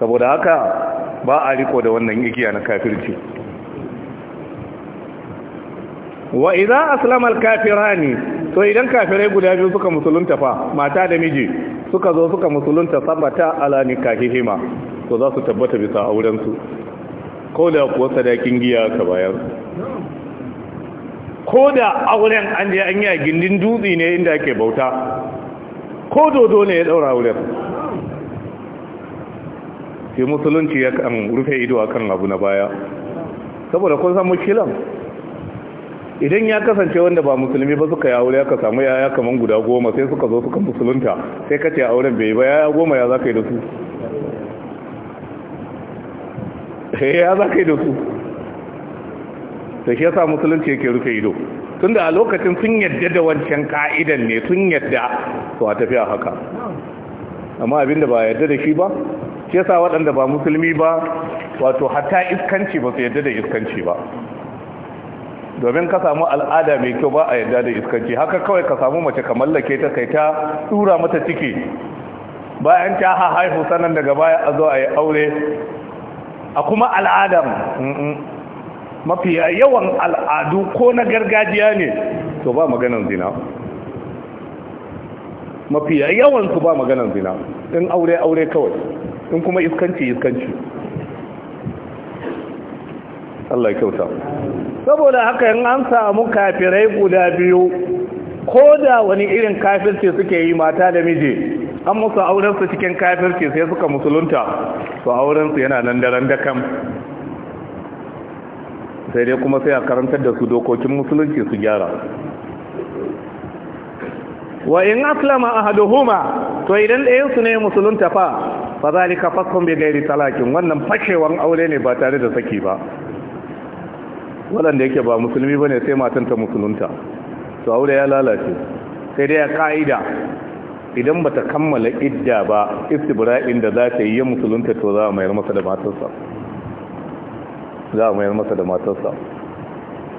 saboda haka ba a riko da wannan igiya na kafirci wa idza aslama alkafirani kafirani to idan kafirai guda biyu suka musulunta fa mata da miji suka zo suka musulunta sabata ala nikahihima to za su tabbata bisa auren su koda kuwa sadakin giya ka bayar ko da auren an je an yi a gindin dutse ne inda ake bauta ko dodo ne ya daura auren sai musulunci ya kan rufe ido a kan abu na baya saboda kun san mushkilan idan ya kasance wanda ba musulmi ba suka yi aure aka samu yaya kamar guda goma sai suka zo suka musulunta sai kace auren bai ba yaya goma ya za ka yi da su Eh, ya za ka yi da su da shi yasa musulunci yake rufe ido tun da a lokacin sun yadda da wancan ka'idan ne sun yadda su a tafiya haka amma abinda ba yadda da shi ba shi yasa waɗanda ba musulmi ba wato hatta iskanci ba su yadda da iskanci ba domin ka samu al'ada mai kyau ba a yadda da iskanci haka kawai ka samu mace ka mallake ta kai ta tura mata ciki bayan ta haihu sanan daga baya a zo a yi aure a kuma al'adar mafi yawan al'adu ko na gargajiya ne to ba maganan zina mafi yawan su ba maganan zina in aure aure kawai in kuma iskanci iskanci Allah ya kyauta saboda haka yin an samu kafirai guda biyu ko da wani irin kafirce suke yi mata da miji an musu aurensu cikin kafirce sai suka musulunta to aurensu yana nan daren da kam sai dai kuma sai a karantar da su dokokin musulunci su gyara wa in aslama ahaduhuma to idan ɗayan su ne musulunta fa fa zalika fasqun bi ghairi talakin wannan fashewan aure ne ba tare da saki ba wanda yake ba musulmi bane sai matan ta musulunta to aure ya lalace sai dai ya ka'ida idan bata kammala idda ba istibra'in da za ta yi musulunta to za a mayar masa da matarsa za a mayar masa da matarsa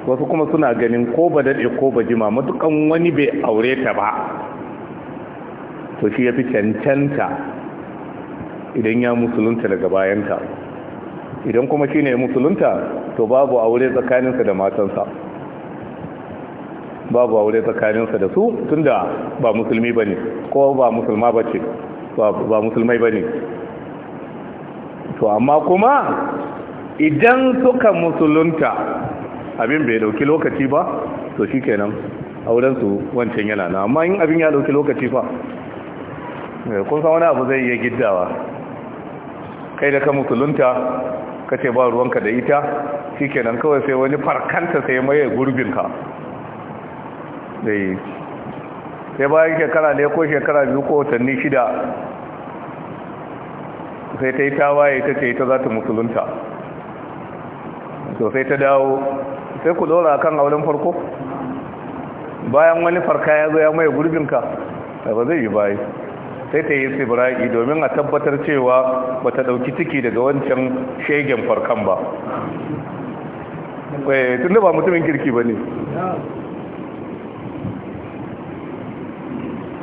wasu kuma suna ganin ko ba daɗe ko ba jima matukan wani bai aure ta ba to shi ya fi cancanta idan ya musulunta daga bayanta idan kuma shi ne musulunta to babu aure tsakaninsa da matansa babu aure tsakaninsa da su tunda ba musulmi bane ko ba musulma bace ba musulmai bane to amma kuma idan suka musulunta abin bai dauki lokaci ba to shikenan auren su wancan yana na amma in abin ya dauki lokaci fa eh, kun san wani abu zai iya giddawa kai da ka musulunta kace ba ruwanka da ita shikenan kawai sai wani farkanta sai mai gurbinka sai bayan shekara ne ko shekara biyu ko watanni shida sai ta yi tawaye ta ce ita za ta musulunta sosai ta dawo sai ku dora kan auren farko bayan wani farka ya zo ya mai gurbinka ba zai yi bayi sai ta yi tsibirai domin a tabbatar cewa ba ta ɗauki ciki daga wancan shegen farkan ba eh, tun da ba mutumin kirki ba ne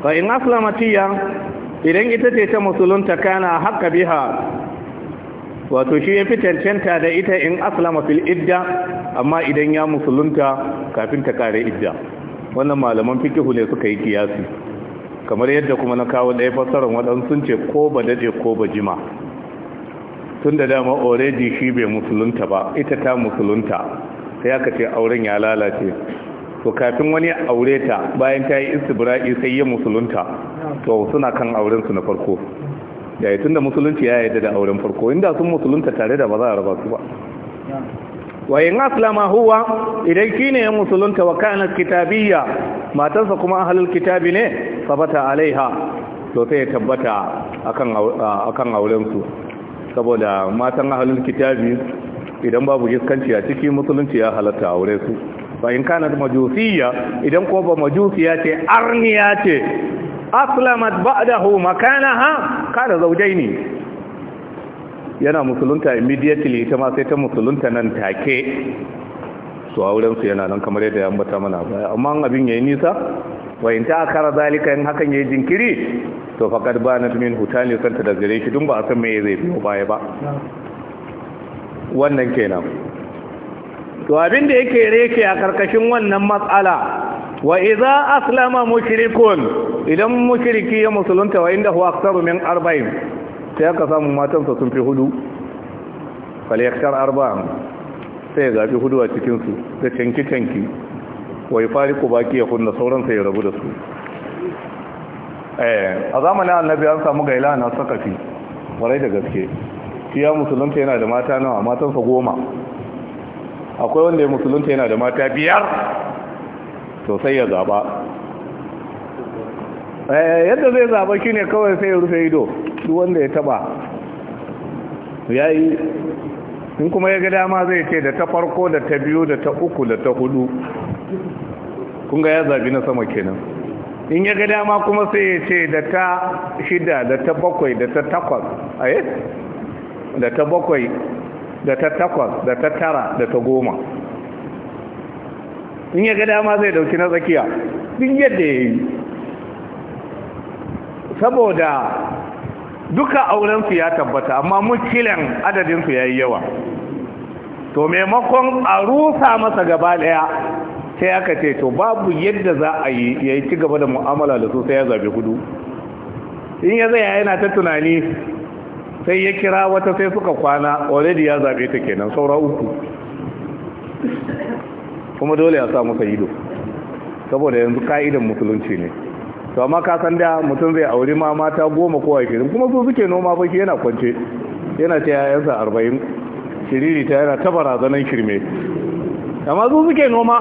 fa in aslamatiya idan ita ce ta musulunta kana haka biha wato shi ya fi cancanta da ita in aslama fil idda amma idan ya musulunta kafin ta kare idda wannan malaman fikihu ne suka yi kiyasi kamar yadda kuma na kawo ɗaya fassarar waɗansu sun ce ko ba daɗe ko ba jima tun da dama already shi bai musulunta ba ita ta musulunta sai aka ce auren ya lalace to kafin wani aure ta bayan ta yi istibra'i sai ya musulunta to suna kan aurensu na farko da da musulunci ya yarda da auren farko inda sun musulunta tare da ba za a raba su ba wa in aslama huwa idan shi ne ya musulunta wa kana kitabiyya matarsa kuma ahlul kitabi ne sabata alaiha to sai ya tabbata akan akan auren su saboda matan ahlul kitabi idan babu giskanci a ciki musulunci ya halatta aure su fa in kanat majusiyya idan ko ba majusiya ce arniya ce aslamat ba'dahu makanaha zaujai ne. yana musulunta immediately ita ma sai ta musulunta nan take su auren su yana nan kamar yadda ya ambata mana baya amma abin yayi nisa wa in ta akara zalika in hakan yayi jinkiri to faqad banat min hutani santa da gare shi dun ba a san me zai biyo baya ba wannan kenan to abin da yake reke a karkashin wannan matsala wa idza aslama mushrikun idan mushriki ya musulunta wa inda huwa aktsaru min 40 sai aka samu matansa sun fi hudu fal yaktar arba'an sai ga zabi hudu a cikin su da tanki tanki wai fariqu baki ya kunna sauran sai ya rabu da su eh a zamanin annabi an samu gaila na sakafi warai da gaske shi ya musulunta yana da mata nawa matansa goma akwai wanda ya musulunta yana da mata biyar to sai ya zaba eh, yadda zai zaba ne kawai sai ya rufe ido Su wanda ya taba yi. in kuma ya ga dama zai ce da ta farko da ta biyu da ta uku da ta hudu kun ga ya zabi na sama kenan in ya ga dama kuma sai ya ce da ta shida da ta bakwai da ta takwas aye eh? da ta bakwai da ta takwas da ta tara da ta goma in ya ga dama zai dauki na tsakiya duk yadda ya yi saboda duka aurensu ya tabbata amma mukilan adadinsu ya yi yawa to maimakon a rusa masa gaba daya sai aka ce to babu yadda za a yi ya yi ci gaba da mu'amala da su sai ya zabe hudu in ya zai yana ta tunani sai ya kira wata sai suka kwana already ya zabe ta kenan saura uku kuma dole ya sa masa ido saboda yanzu ka'idan musulunci ne to amma ka san da mutum zai aure ma mata goma wai kenan kuma su suke noma shi yana kwance yana ta yayansa arba'in shiriri ta yana ta barazanan kirme amma su suke noma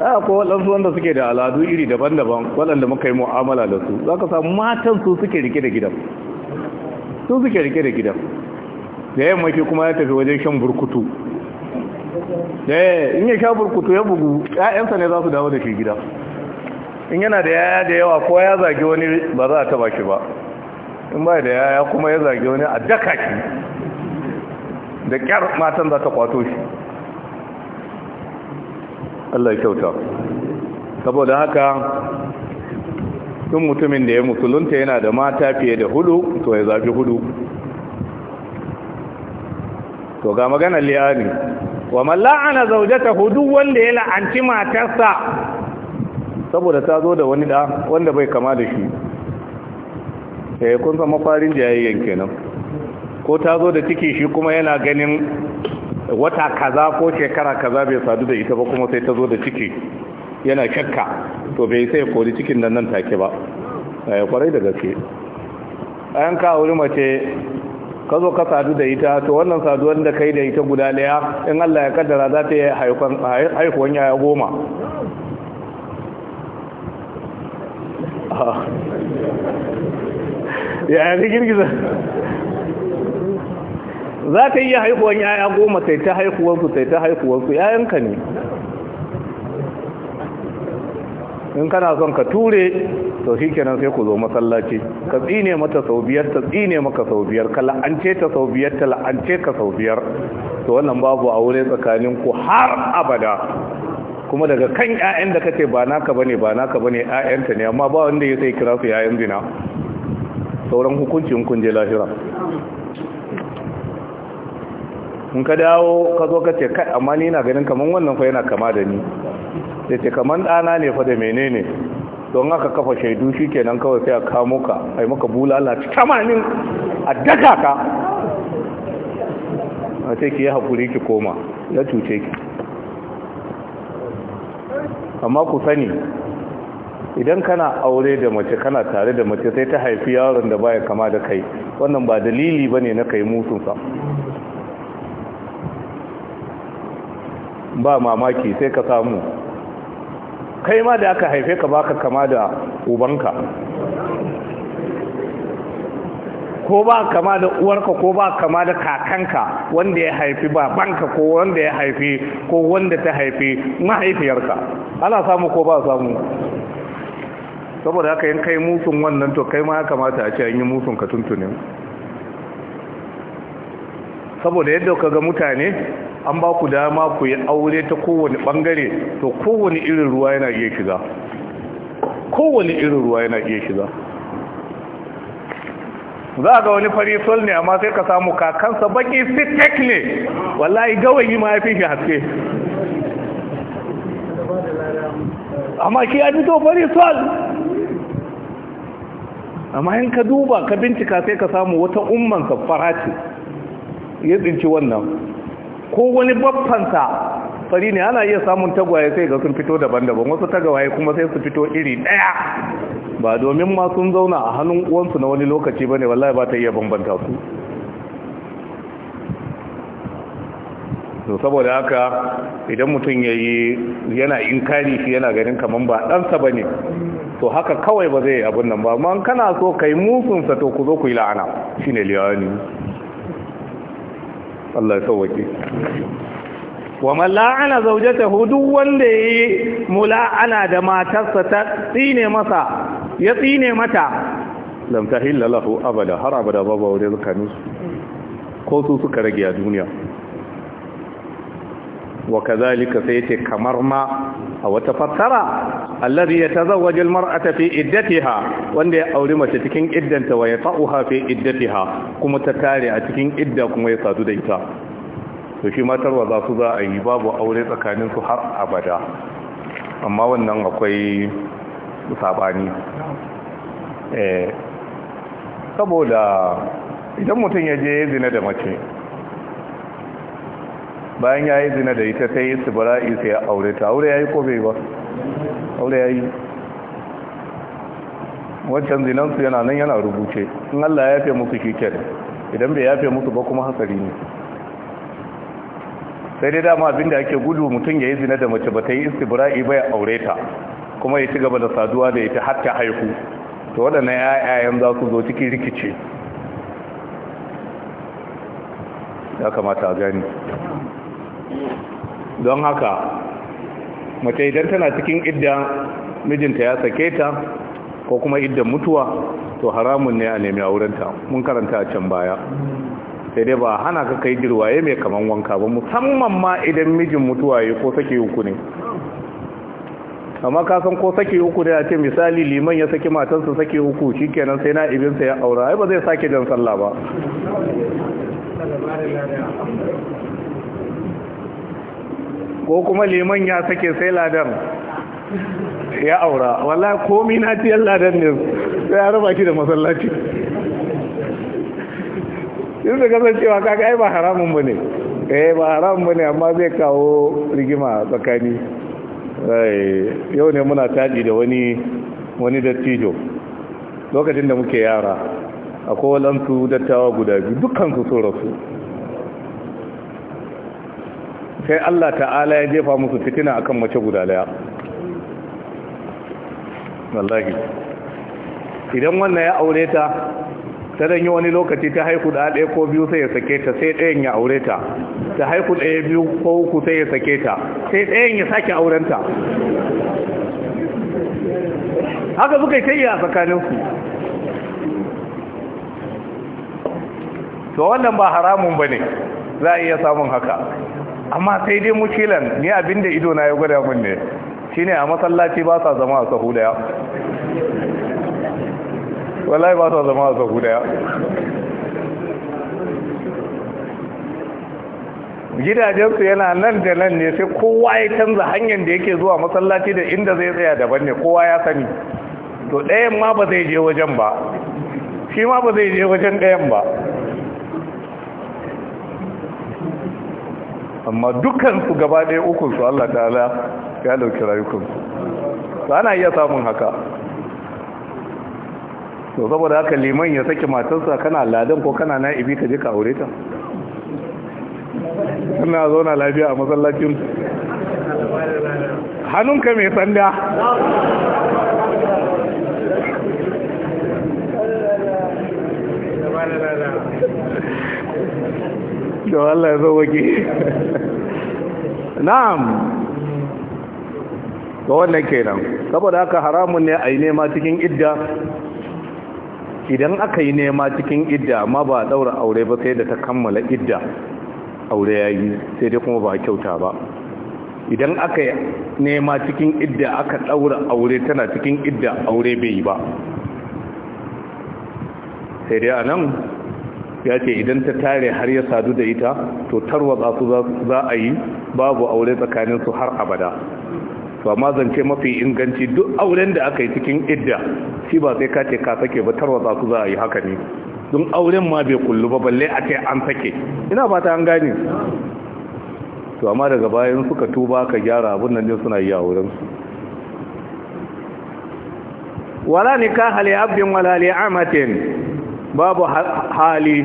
a ko waɗansu wanda suke da aladu iri daban-daban waɗanda muka yi mu'amala da su zaka ka samu matan su suke rike da gidan su suke rike da gidan da yamma ke kuma ya tafi wajen shan burkutu eh, in ya sha burkutu ya bugu 'ya'yansa ne za su dawo da shi gida in yana da yaya da yawa ko ya zage wani ba za a taba shi ba in ba da yaya kuma ya zage wani a daka shi da kyar matan za ta kwato shi Allah ya kyauta saboda haka Tun mutumin da ya musulunta yana da mata fiye da hudu to ya zafi hudu to ga maganar liyani wa man la'ana zawjatahu wanda ya la'anci matarsa saboda ta zo da wani da wanda bai kama da shi eh kun san mafarin jayayyen kenan ko ta zo da ciki shi kuma yana ganin wata kaza ko shekara kaza bai sadu da ita ba kuma sai ta zo da ciki yana shakka to bai sai kori cikin nan nan take ba ya eh, kwarai da gaske an ka wuri mace ka zo ka sadu da ita to wannan sadu wanda kai da ita guda daya in Allah ya kaddara za ta yi haihuwan yaya goma ya yi girgiza za ta yi haihuwan yaya goma sai ta haihuwansu sai ta haihuwarsu yayanka ne in kana son ka ture to kenan sai ku zo masallaci ka tsine mata sau biyar ta tsine maka sau biyar ka la'ance ta sau biyar ta la'ance ka sau biyar to wannan babu aure tsakanin ku har abada kuma daga kan ƴaƴan da kace ba naka bane ba naka bane ta ne amma ba wanda ya sai kira su ƴaƴan zina sauran hukuncin kun je lahira in ka dawo ka zo ka ce kai amma ni na ganin kaman wannan fa yana kama da ni da ce kamar ɗana ne fa da menene don aka kafa shaidu shi kenan kawai sai a kamo ka a yi maka bulala tamanin a daga ka a ce ki yi haƙuri ki koma ya cuce ki amma ku sani idan kana aure da mace kana tare da mace sai ta haifi yaron da baya kama da kai wannan ba dalili ba ne na kai mutunsa ba mamaki sai ka samu kai ma da aka haife ka baka kama da ubanka ko ba kama da uwarka ko ba kama da kakanka wanda ya haifi babanka ko wanda ya haifi ko wanda ta haifi mahaifiyarka ana samu ko ba samu saboda haka yin kai musun wannan to kai ma ya kamata a ce an yi musun ka tuntunin saboda yadda ka ga mutane an ba ku dama ku yi aure ta kowane bangare to kowane irin ruwa yana iya shiga kowane irin ruwa yana iya shiga za ga wani farisol ne amma sai ka samu kakansa baki sitek ne wallahi gawayi ma mafi shi haske amma ki ya fito farisol amma yin ka duba ka bincika sai ka samu wata umman fara ce ya tsinci wannan ko wani babbansa fari ne ana iya samun tagwaye sai ga sun fito daban-daban wasu tagwaye kuma sai su fito iri daya ba domin ma sun zauna a hannun uwansu na wani lokaci ba ne wallahi ba ta iya bambanta su to saboda haka idan mutum ya yi yana inkari shi yana ganin kamar ba ɗansa ba ne to haka kawai ba zai abin nan ba man kana so ka yi musunsa to ku zo ku yi la'ana shi ne liyani Allah ya sauwake wa malla'ana zaujatahu duk wanda yayi mula'ana da matarsa ta tsine masa ya tsine mata lam tahilla abada har abada babu aure zakanin ko su suka rage a duniya wa kazalika sai ce kamar ma a wata fassara allazi yatazawwaju almar'ata fi iddatiha wanda ya auri mace cikin iddanta wa yata'uha fi iddatiha kuma ta tare a cikin idda kuma ya sadu da ita to shi matarwa za su za a yi babu aure tsakanin su har abada amma wannan akwai sabani eh saboda idan mutum ya je zina da mace bayan ya yi zina da ita ta yi tsibira'i sai ya aure ta aure ya yi kobe ba aure ya yi wancan zinansu yana nan yana rubuce in allah ya fi musu kike ne idan bai ya fi musu ba kuma hasari ne sai dai dama abinda ake gudu mutum ya yi zina da mace ba ta yi istibira'i ba ya aure ta kuma ya ci gaba da saduwa da ita har ta haihu to waɗannan 'ya'yan za su zo cikin rikici. ya kamata a gani don haka mace idan tana cikin idda mijinta ya sake ta ko kuma iddan mutuwa to haramun ne a nemi aurenta mun karanta a can baya sai dai ba hana ka kai jirwaye mai kaman wanka ba musamman ma idan mijin mutuwa ya ko sake uku ne amma ka ko sake uku ne a ce misali liman ya saki matansa sake uku shi kenan sai na ibinsa ya aura ai ba zai sake jan sallah ba ko kuma liman ya sake sai ladan ya aura wala komi na tiyar ladan ne sai ya raba ki da masallaci yin da kasancewa kaga ai ba haramun ba ne eh ba haramun ba ne amma zai kawo rigima tsakani yau ne muna taɗi da wani wani dattijo lokacin da muke yara akwai walansu dattawa guda biyu dukkan su sun rasu sai Allah ta'ala ya jefa musu fitina akan mace guda daya wallahi idan wannan ya aure ta ta danyi wani lokaci ta haiku da ɗaya ko biyu sai ya sake ta sai ɗayan ya aure ta ta haiku ɗaya biyu ko uku sai ya sake ta sai ɗayan ya sake aurenta haka suka yi ta iya tsakaninsu to wannan ba haramun ba ne za a iya samun haka amma sai dai mukilan ni abinda ido na ya gwada mun ne shine a masallaci ba sa zama a sahu daya wallahi ba sa zama a sahu daya gidajensu yana nan da nan ne sai kowa ya canza hanyar da yake zuwa masallaci da inda zai tsaya daban ne kowa ya sani to ɗayan ma ba zai je wajen ba shi ma ba zai je wajen ɗayan ba amma dukansu gaba ɗaya su Allah ta'ala ya dauki rayukansu ana iya samun haka to saboda haka liman ya saki matarsa kana ladan ko kana na'ibi ka je ka aure ta ina zauna lafiya a masallacin hannunka mai sanda da Allah ya waki. na'am ga wannan kenan saboda haka haramun ne a yi nema cikin idda idan aka yi nema cikin idda amma ba a daura aure ba sai da ta kammala idda aure ya yi sai dai kuma ba kyauta ba idan aka yi nema cikin idda aka daura aure tana cikin idda aure bai yi ba sai dai a nan ya ce idan ta tare har ya sadu da ita to za su za a yi babu aure tsakaninsu har abada to amma zance mafi inganci duk auren da aka yi cikin idda shi ba sai ka ce ka sake ba tarwa za su za a yi haka ne don auren ma bai kullu ba balle a ce an sake ina fata an gane to amma daga bayan suka tuba ka gyara abun nan ne suna yi a wurin wala nikaha li abdin wala li amatin babu hali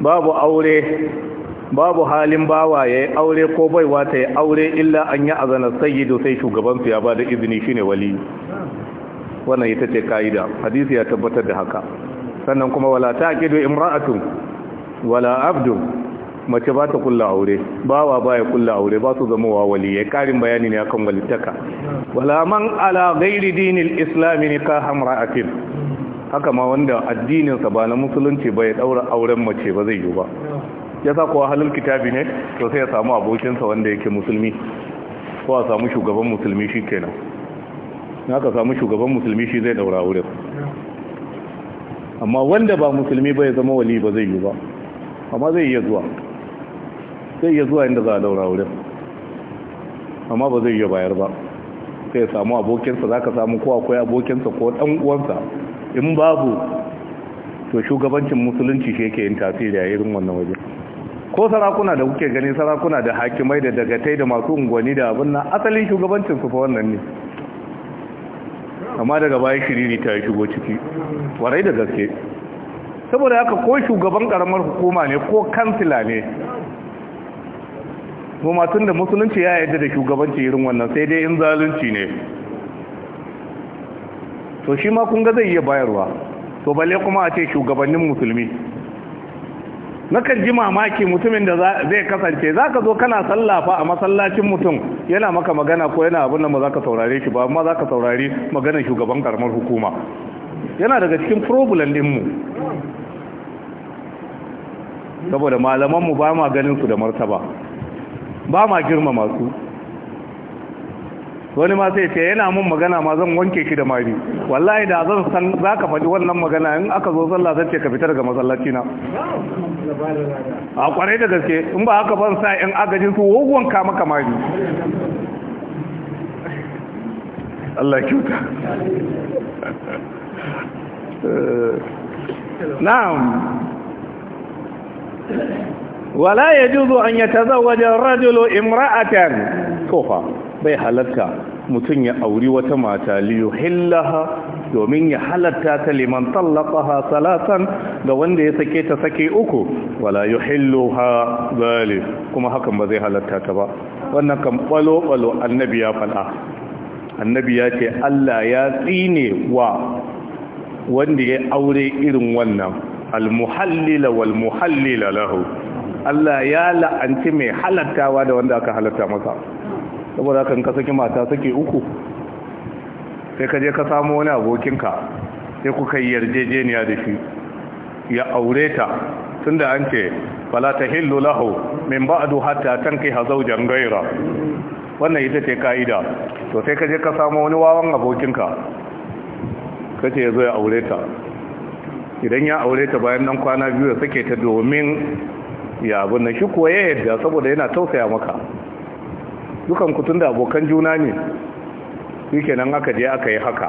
babu aure babu halin bawa ya yi aure ko baiwa ta yi aure illa an yi azana sayyidu sai su ya ba da izini ne wali wannan ita ce ka'ida hadisi ya tabbatar da haka sannan kuma wala taqidu imra'atun wala abdu mace ba ta kulla aure bawa baya kulla aure ba su zama wa waliyai karin bayani ne akan walittaka wala man ala ghairi dinil islam nikaha imra'atin haka ma wanda addininsa ba na musulunci ba ya daura auren mace ba zai yi ba ya sa kuwa halin kitabi ne to sai ya samu abokinsa wanda yake musulmi ko a samu shugaban musulmi shi kenan na ka samu shugaban musulmi shi zai daura auren amma wanda ba musulmi ba ya zama wali ba zai yi ba amma zai iya zuwa zai iya zuwa inda za a daura auren amma ba zai iya bayar ba sai ya samu abokinsa za ka samu ko akwai abokinsa ko ɗan uwansa in babu to shugabancin musulunci shi yake yin tasiri a irin wannan waje ko sarakuna da kuke gani sarakuna da hakimai da dagatai da masu unguwanni da abin nan asalin shugabancin su fa wannan ne amma daga baya shiriri ta yi shigo ciki warai da gaske saboda haka ko shugaban karamar hukuma ne ko kansila ne kuma tun da musulunci ya yadda da shugabanci irin wannan sai dai in zalunci ne to shi ma kunga zai iya bayarwa to balle kuma a ce shugabannin musulmi nakan ji mamaki mutumin da zai kasance za ka zo kana sallafa a masallacin mutum yana maka magana ko yana abin nan ba za ka saurare shi ba amma za ka saurari maganar shugaban karamar hukuma yana daga cikin problem mu. saboda malamanmu ba ma ganin su da martaba ba ma girmama su wani ma sai ce yana mun magana ma zan wanke ki da mari wallahi da zan san za ka faɗi wannan magana in aka zo sallah zan ce ka fitar ga masallaci na a kwarai da gaske in ba haka ban sa yan agajin su wogon ka maka mari Allah kyauta eh, na'am wala yajuzu an yatazawwaja ar-rajulu imra'atan kufa bai halatta mutum ya auri wata mata liyu hillaha domin ya halatta ta liman tallaqaha salatan ga wanda ya sake ta sake uku wala yuhilluha zali. kuma hakan ba zai halatta ta ba wannan kan balo balo annabi ya fada annabi ya ce Allah ya tsine wa wanda ya aure irin wannan almuhallila walmuhallila lahu Allah ya la'anci mai halattawa da wanda aka halatta masa saboda kan ka saki mata saki uku sai ka je ka samu wani abokinka sai kuka yi yarjejeniya da shi ya aure ta tunda an ce fala hillu lahu min ba'du hatta tankiha zawjan gaira. wannan ita ce kaida to sai ka je ka samu wani wawan abokinka ka yazo ya aure ta idan ya aure ta bayan dan kwana biyu ya sake ta domin ya abun nan shi koye yadda saboda yana tausaya maka dukan kutun da abokan juna ne yake nan aka je aka yi haka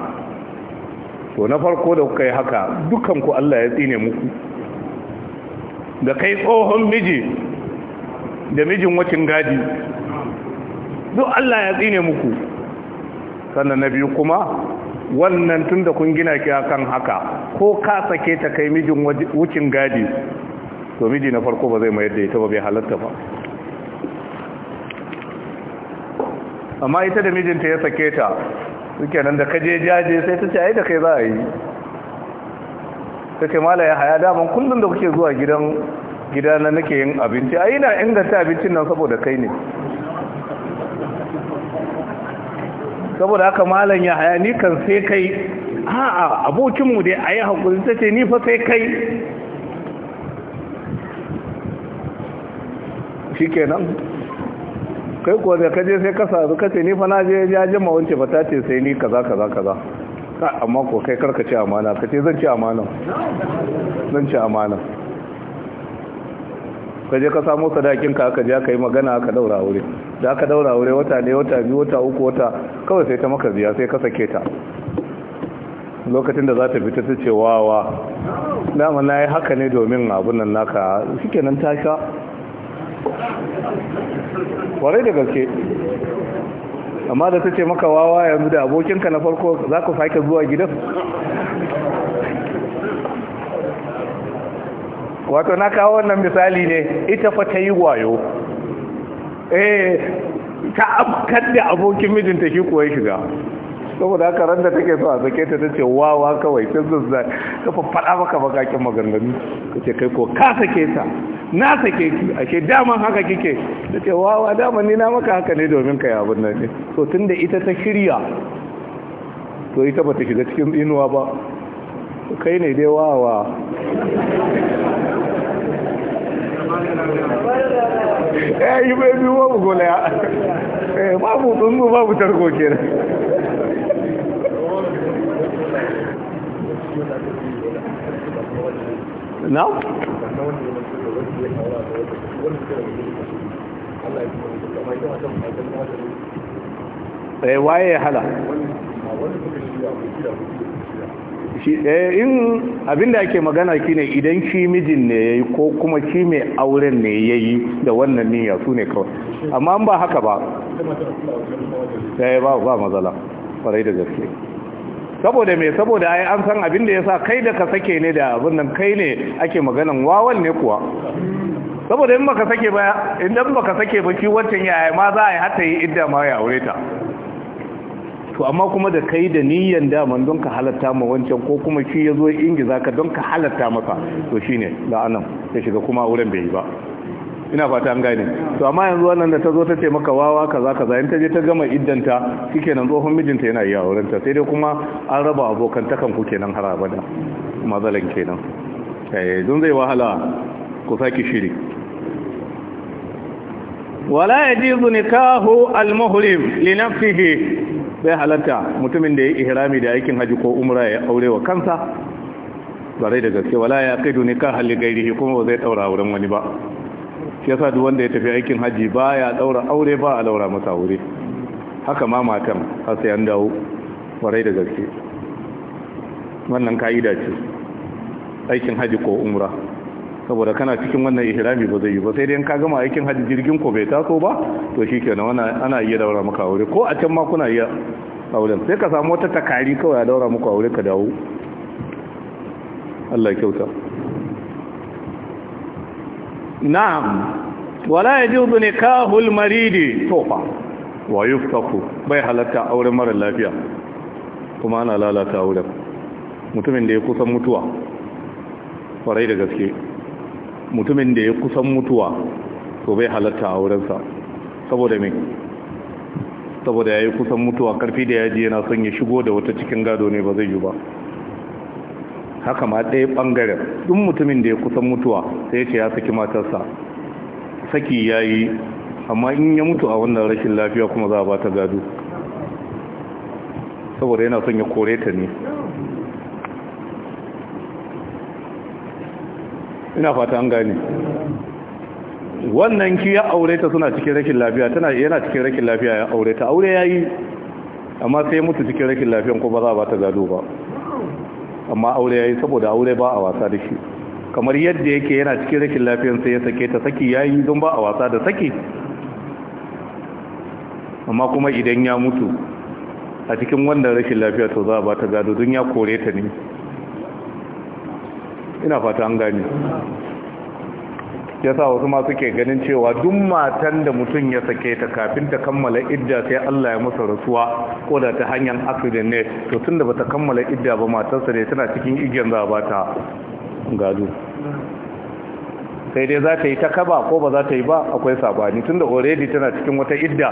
to na farko da kuka yi haka dukan ku Allah ya tsine muku da kai tsohon miji da mijin wacin gadi duk Allah ya tsine muku sannan na biyu kuma wannan tun da kun gina ki akan haka ko ka sake ta kai mijin wucin gadi to miji na farko ba zai mayar da ita ba bai halatta ba amma ita da mijinta ya sake ta suke nan da kaje jaje sai ta ce ai da kai za a yi ta ce mala ya haya daman kullum da kuke zuwa gidan gidana nake yin abinci yi na inganta abincin nan saboda kai ne saboda haka malam ya haya ni kan sai kai a'a abokinmu dai a yi haƙuri ta ce ni fa sai kai shi kenan kai ko da kaje sai ka sazu kace ni fa na je ya ji ma wance bata ce sai ni kaza kaza kaza ka amma ko kai karka ce amana kace zan ci amana zan ci amana kaje ka samu sadakin ka aka je aka yi magana aka daura aure da aka daura aure wata ne wata biyu wata uku wata kawai sai ta maka ziya sai ka sake ta lokacin da za ta fita ta ce wawa dama na yi haka ne domin abun nan naka shikenan ta sha warai da gaske amma da ta ce maka wawa yanzu da abokinka na farko za ku sake zuwa gidan wato na kawo wannan misali ne ita fa ta yi wayo eh ta afkar da abokin mijinta shi kuwa shiga saboda haka ran da take so a sake ta tace wawa kawai ta zuzza ta faɗa maka bakakin maganganu kace kai ko ka sake ta na sake ki ake daman haka kike tace wawa daman ni na maka haka ne domin kai abin nan ne so tunda ita ta shirya to ita bata shiga cikin inuwa ba kai ne dai wawa eh yi bai biyu babu ya, eh babu tsungu babu tarko kenan na? Eh, waye ya hala eh, in abinda ake magana kine idan shi mijin ne yayi ko kuma shi mai auren ne yayi da wannan niyya sune ne kawai amma ba haka ba eh, ba ba mazala farai da gaske saboda me saboda ai an san abin da yasa kai da ka sake ne da abin nan kai ne ake maganan wawan ne kuwa saboda in baka sake ba idan baka sake ba ki wancan yaya ma za a yi hata yi idda ma ya aure ta to amma kuma da kai da niyan daman don ka halatta ma wancan ko kuma shi ya zo ingiza ka don ka halatta maka to shine la'anan sai ya shiga kuma auren bai yi ba ina fata an gane to amma yanzu wannan da ta zo ta ce maka wawa kaza kaza in ta je ta gama iddanta kike nan tsohon mijinta yana iya aurenta ta sai dai kuma an raba abokan takan ku kenan har abada mazalan kenan eh don zai wahala ku saki shiri wala yajizu nikahu al li nafsihi bai halatta mutumin da ya ihrami da aikin haji ko umra ya aure wa kansa bare da gaske wala ya kai dunika halli gairihi kuma ba zai daura auren wani ba shi yasa duk wanda ya tafi aikin haji baya daura aure ba a daura masa aure haka ma matan har sai an dawo warai da gaske wannan ka'ida ce aikin haji ko umra saboda kana cikin wannan ihrami ba zai yi ba sai dai ka gama aikin haji jirgin ko bai taso ba to shikenan wannan ana iya daura maka aure ko a can ma kuna iya auren sai ka samu wata takari kawai a daura maka aure ka dawo Allah ya kyauta na'am wala yajuzu nikahul maridi to fa wa yuftaku bai halatta auren mara lafiya kuma ana lalata auren mutumin da ya kusan mutuwa kwarai da gaske mutumin da ya kusan mutuwa to bai halatta aurensa saboda me saboda ya yi kusan mutuwa karfi da yaji yana son ya shigo da wata cikin gado ne ba zai yi ba haka ma ɗaya ɓangaren ɗin mutumin da ya kusan mutuwa sai ce ya saki matarsa saki ya yi amma in ya mutu a wannan rashin lafiya kuma za a ba ta gado saboda yana son ya kore ta ne ina fata an gane wannan ki ya aure ta suna cikin rashin lafiya tana yana cikin rashin lafiya ya aure ta aure ya yi, amma sai mutu cikin rashin lafiyan ko ba za a ba ta gado ba amma aure ya yi saboda aure ba a wasa da shi kamar yadda yake yana cikin rikin sai ya sake ta saki ya yi don ba a wasa da saki amma kuma idan ya mutu a cikin wannan rashin lafiya to za a ba ta gado don ya kore ta ne ina fata an gani ya sa wasu ma suke ganin cewa duk matan da mutum ya sake ta kafin ta kammala idda sai Allah ya masa rasuwa ko da ta hanyar accident ne to tun da bata kammala idda ba matarsa ne tana cikin igiyar za ba ta gado sai dai za ta yi ta kaba ko ba za ta yi ba akwai sabani tun da already tana cikin wata idda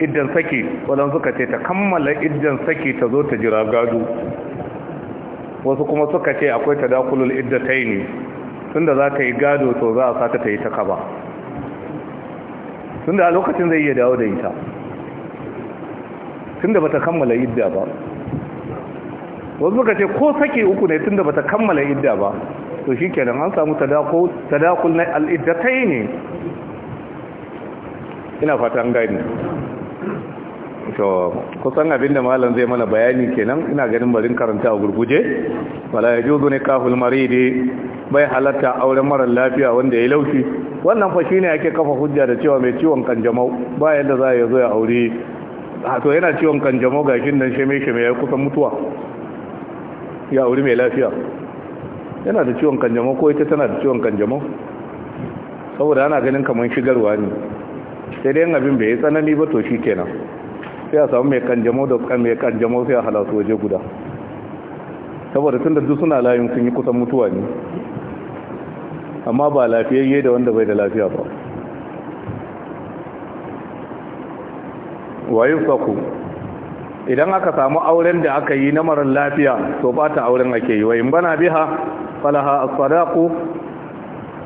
iddan saki wadan suka ce ta kammala iddan saki ta zo ta jira gado wasu kuma suka ce akwai ta ta iddatai ne tunda za ka yi gado to za a sata ta yi ta kaba tunda a lokacin zai iya dawo da ita tunda ba ta kammala idda ba wasu suka ce ko sake uku ne tunda ba ta kammala idda ba to shi kenan an samu tadakul na yi ne ina fata an gani to kusan abinda malam zai mana bayani kenan ina ganin barin karanta a gurguje wala ne nikahul maridi bai halatta auren mara lafiya wanda ya laushi wannan fa shine ake kafa hujja da cewa mai ciwon kanjamau ba yadda za yi zo ya aure to yana ciwon kanjamau gashin nan sheme sheme ya kusan mutuwa ya aure mai lafiya yana da ciwon kanjamau ko ita tana da ciwon kanjamau saboda ana ganin kamar shigarwa ne sai dai abin bai yi tsanani ba to shi kenan sai a samu mai kanjamo da mai kanjamo sai a halasu waje guda saboda tun da duk suna layin sun yi kusan mutuwa ne amma ba lafiyayye da wanda bai da lafiya ba wayo saku idan aka samu auren da aka yi na marar lafiya to ba ta auren ake yi wayin bana biha falaha as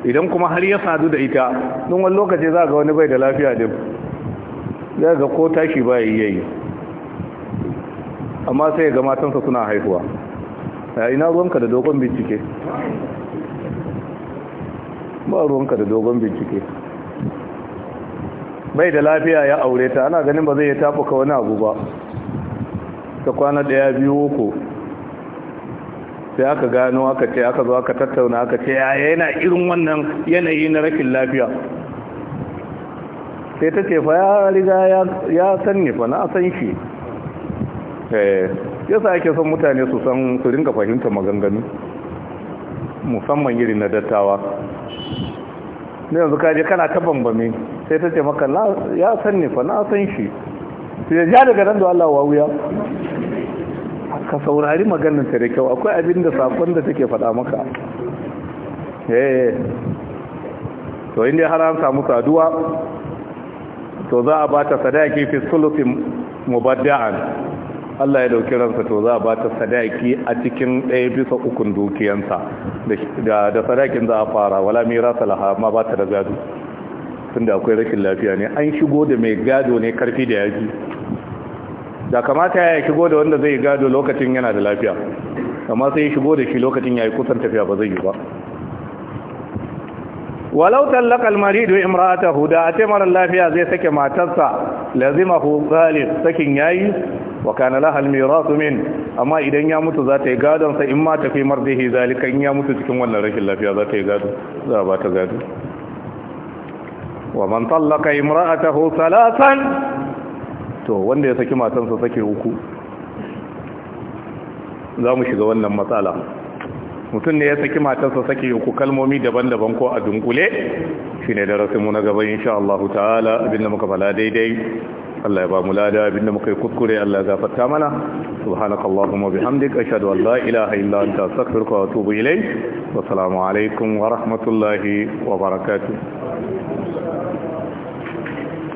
idan kuma har ya sadu da ita don wani lokaci za ga wani bai da lafiya ne. ya ga ko tashi ba ya yi amma sai ga matansa suna haihuwa ya ina ruwanka da dogon bincike ba ruwanka da dogon bincike bai da lafiya ya aure ta ana ganin ba zai ya tafuka wani abu ba ta kwana daya biyu uku. sai aka gano aka ce aka zo aka tattauna aka ce ya yana irin wannan yanayi na rashin lafiya sai ta ce fa ya riga ya san ni fa na san shi eh, ya sa ake son mutane su san su rinka fahimta maganganu musamman irin na dattawa ne yanzu kaje kana ta bambame sai ta ce maka ya san ni fa na san shi sai ja daga nan da Allah wa wuya ka saurari maganar ta da kyau akwai abin da sakon da take faɗa maka eh to inda har an samu saduwa to za a ba ta sadaki fi sulusi mubadda'an Allah ya dauki ransa to za a ba ta sadaki a cikin ɗaya bisa ukun dukiyansa da sadakin za a fara wala mirasa laha ma ba ta da gado tunda akwai rashin lafiya ne an shigo da mai gado ne karfi da yaji da kamata ya shigo da wanda zai gado lokacin yana da lafiya amma sai ya shigo da shi lokacin ya yi kusan tafiya ba zai yi ba walau tallaka almaridu imra'atahu da a ce mara lafiya zai sake matarsa lazimahu ghalib sakin yayi wa kana laha almirasu min amma idan ya mutu za ta yi gadon sa in ma ta fi mardihi zalika in ya mutu cikin wannan rashin lafiya za ta yi gado za ba ta gado wa man tallaka imra'atahu Salasan, to wanda ya saki matarsa sake uku za mu shiga wannan matsala mutum ne ya saki matarsa saki uku kalmomi daban-daban ko a dunkule Shi darasin mu na gaba insha Allah ta'ala da muka bala daidai Allah ya ba mu lada abinda muka yi kuskure Allah ya gafarta mana subhanakallahumma bihamdik ashhadu an la ilaha illa anta astaghfiruka wa atubu ilayk wa assalamu alaikum wa rahmatullahi wa barakatuh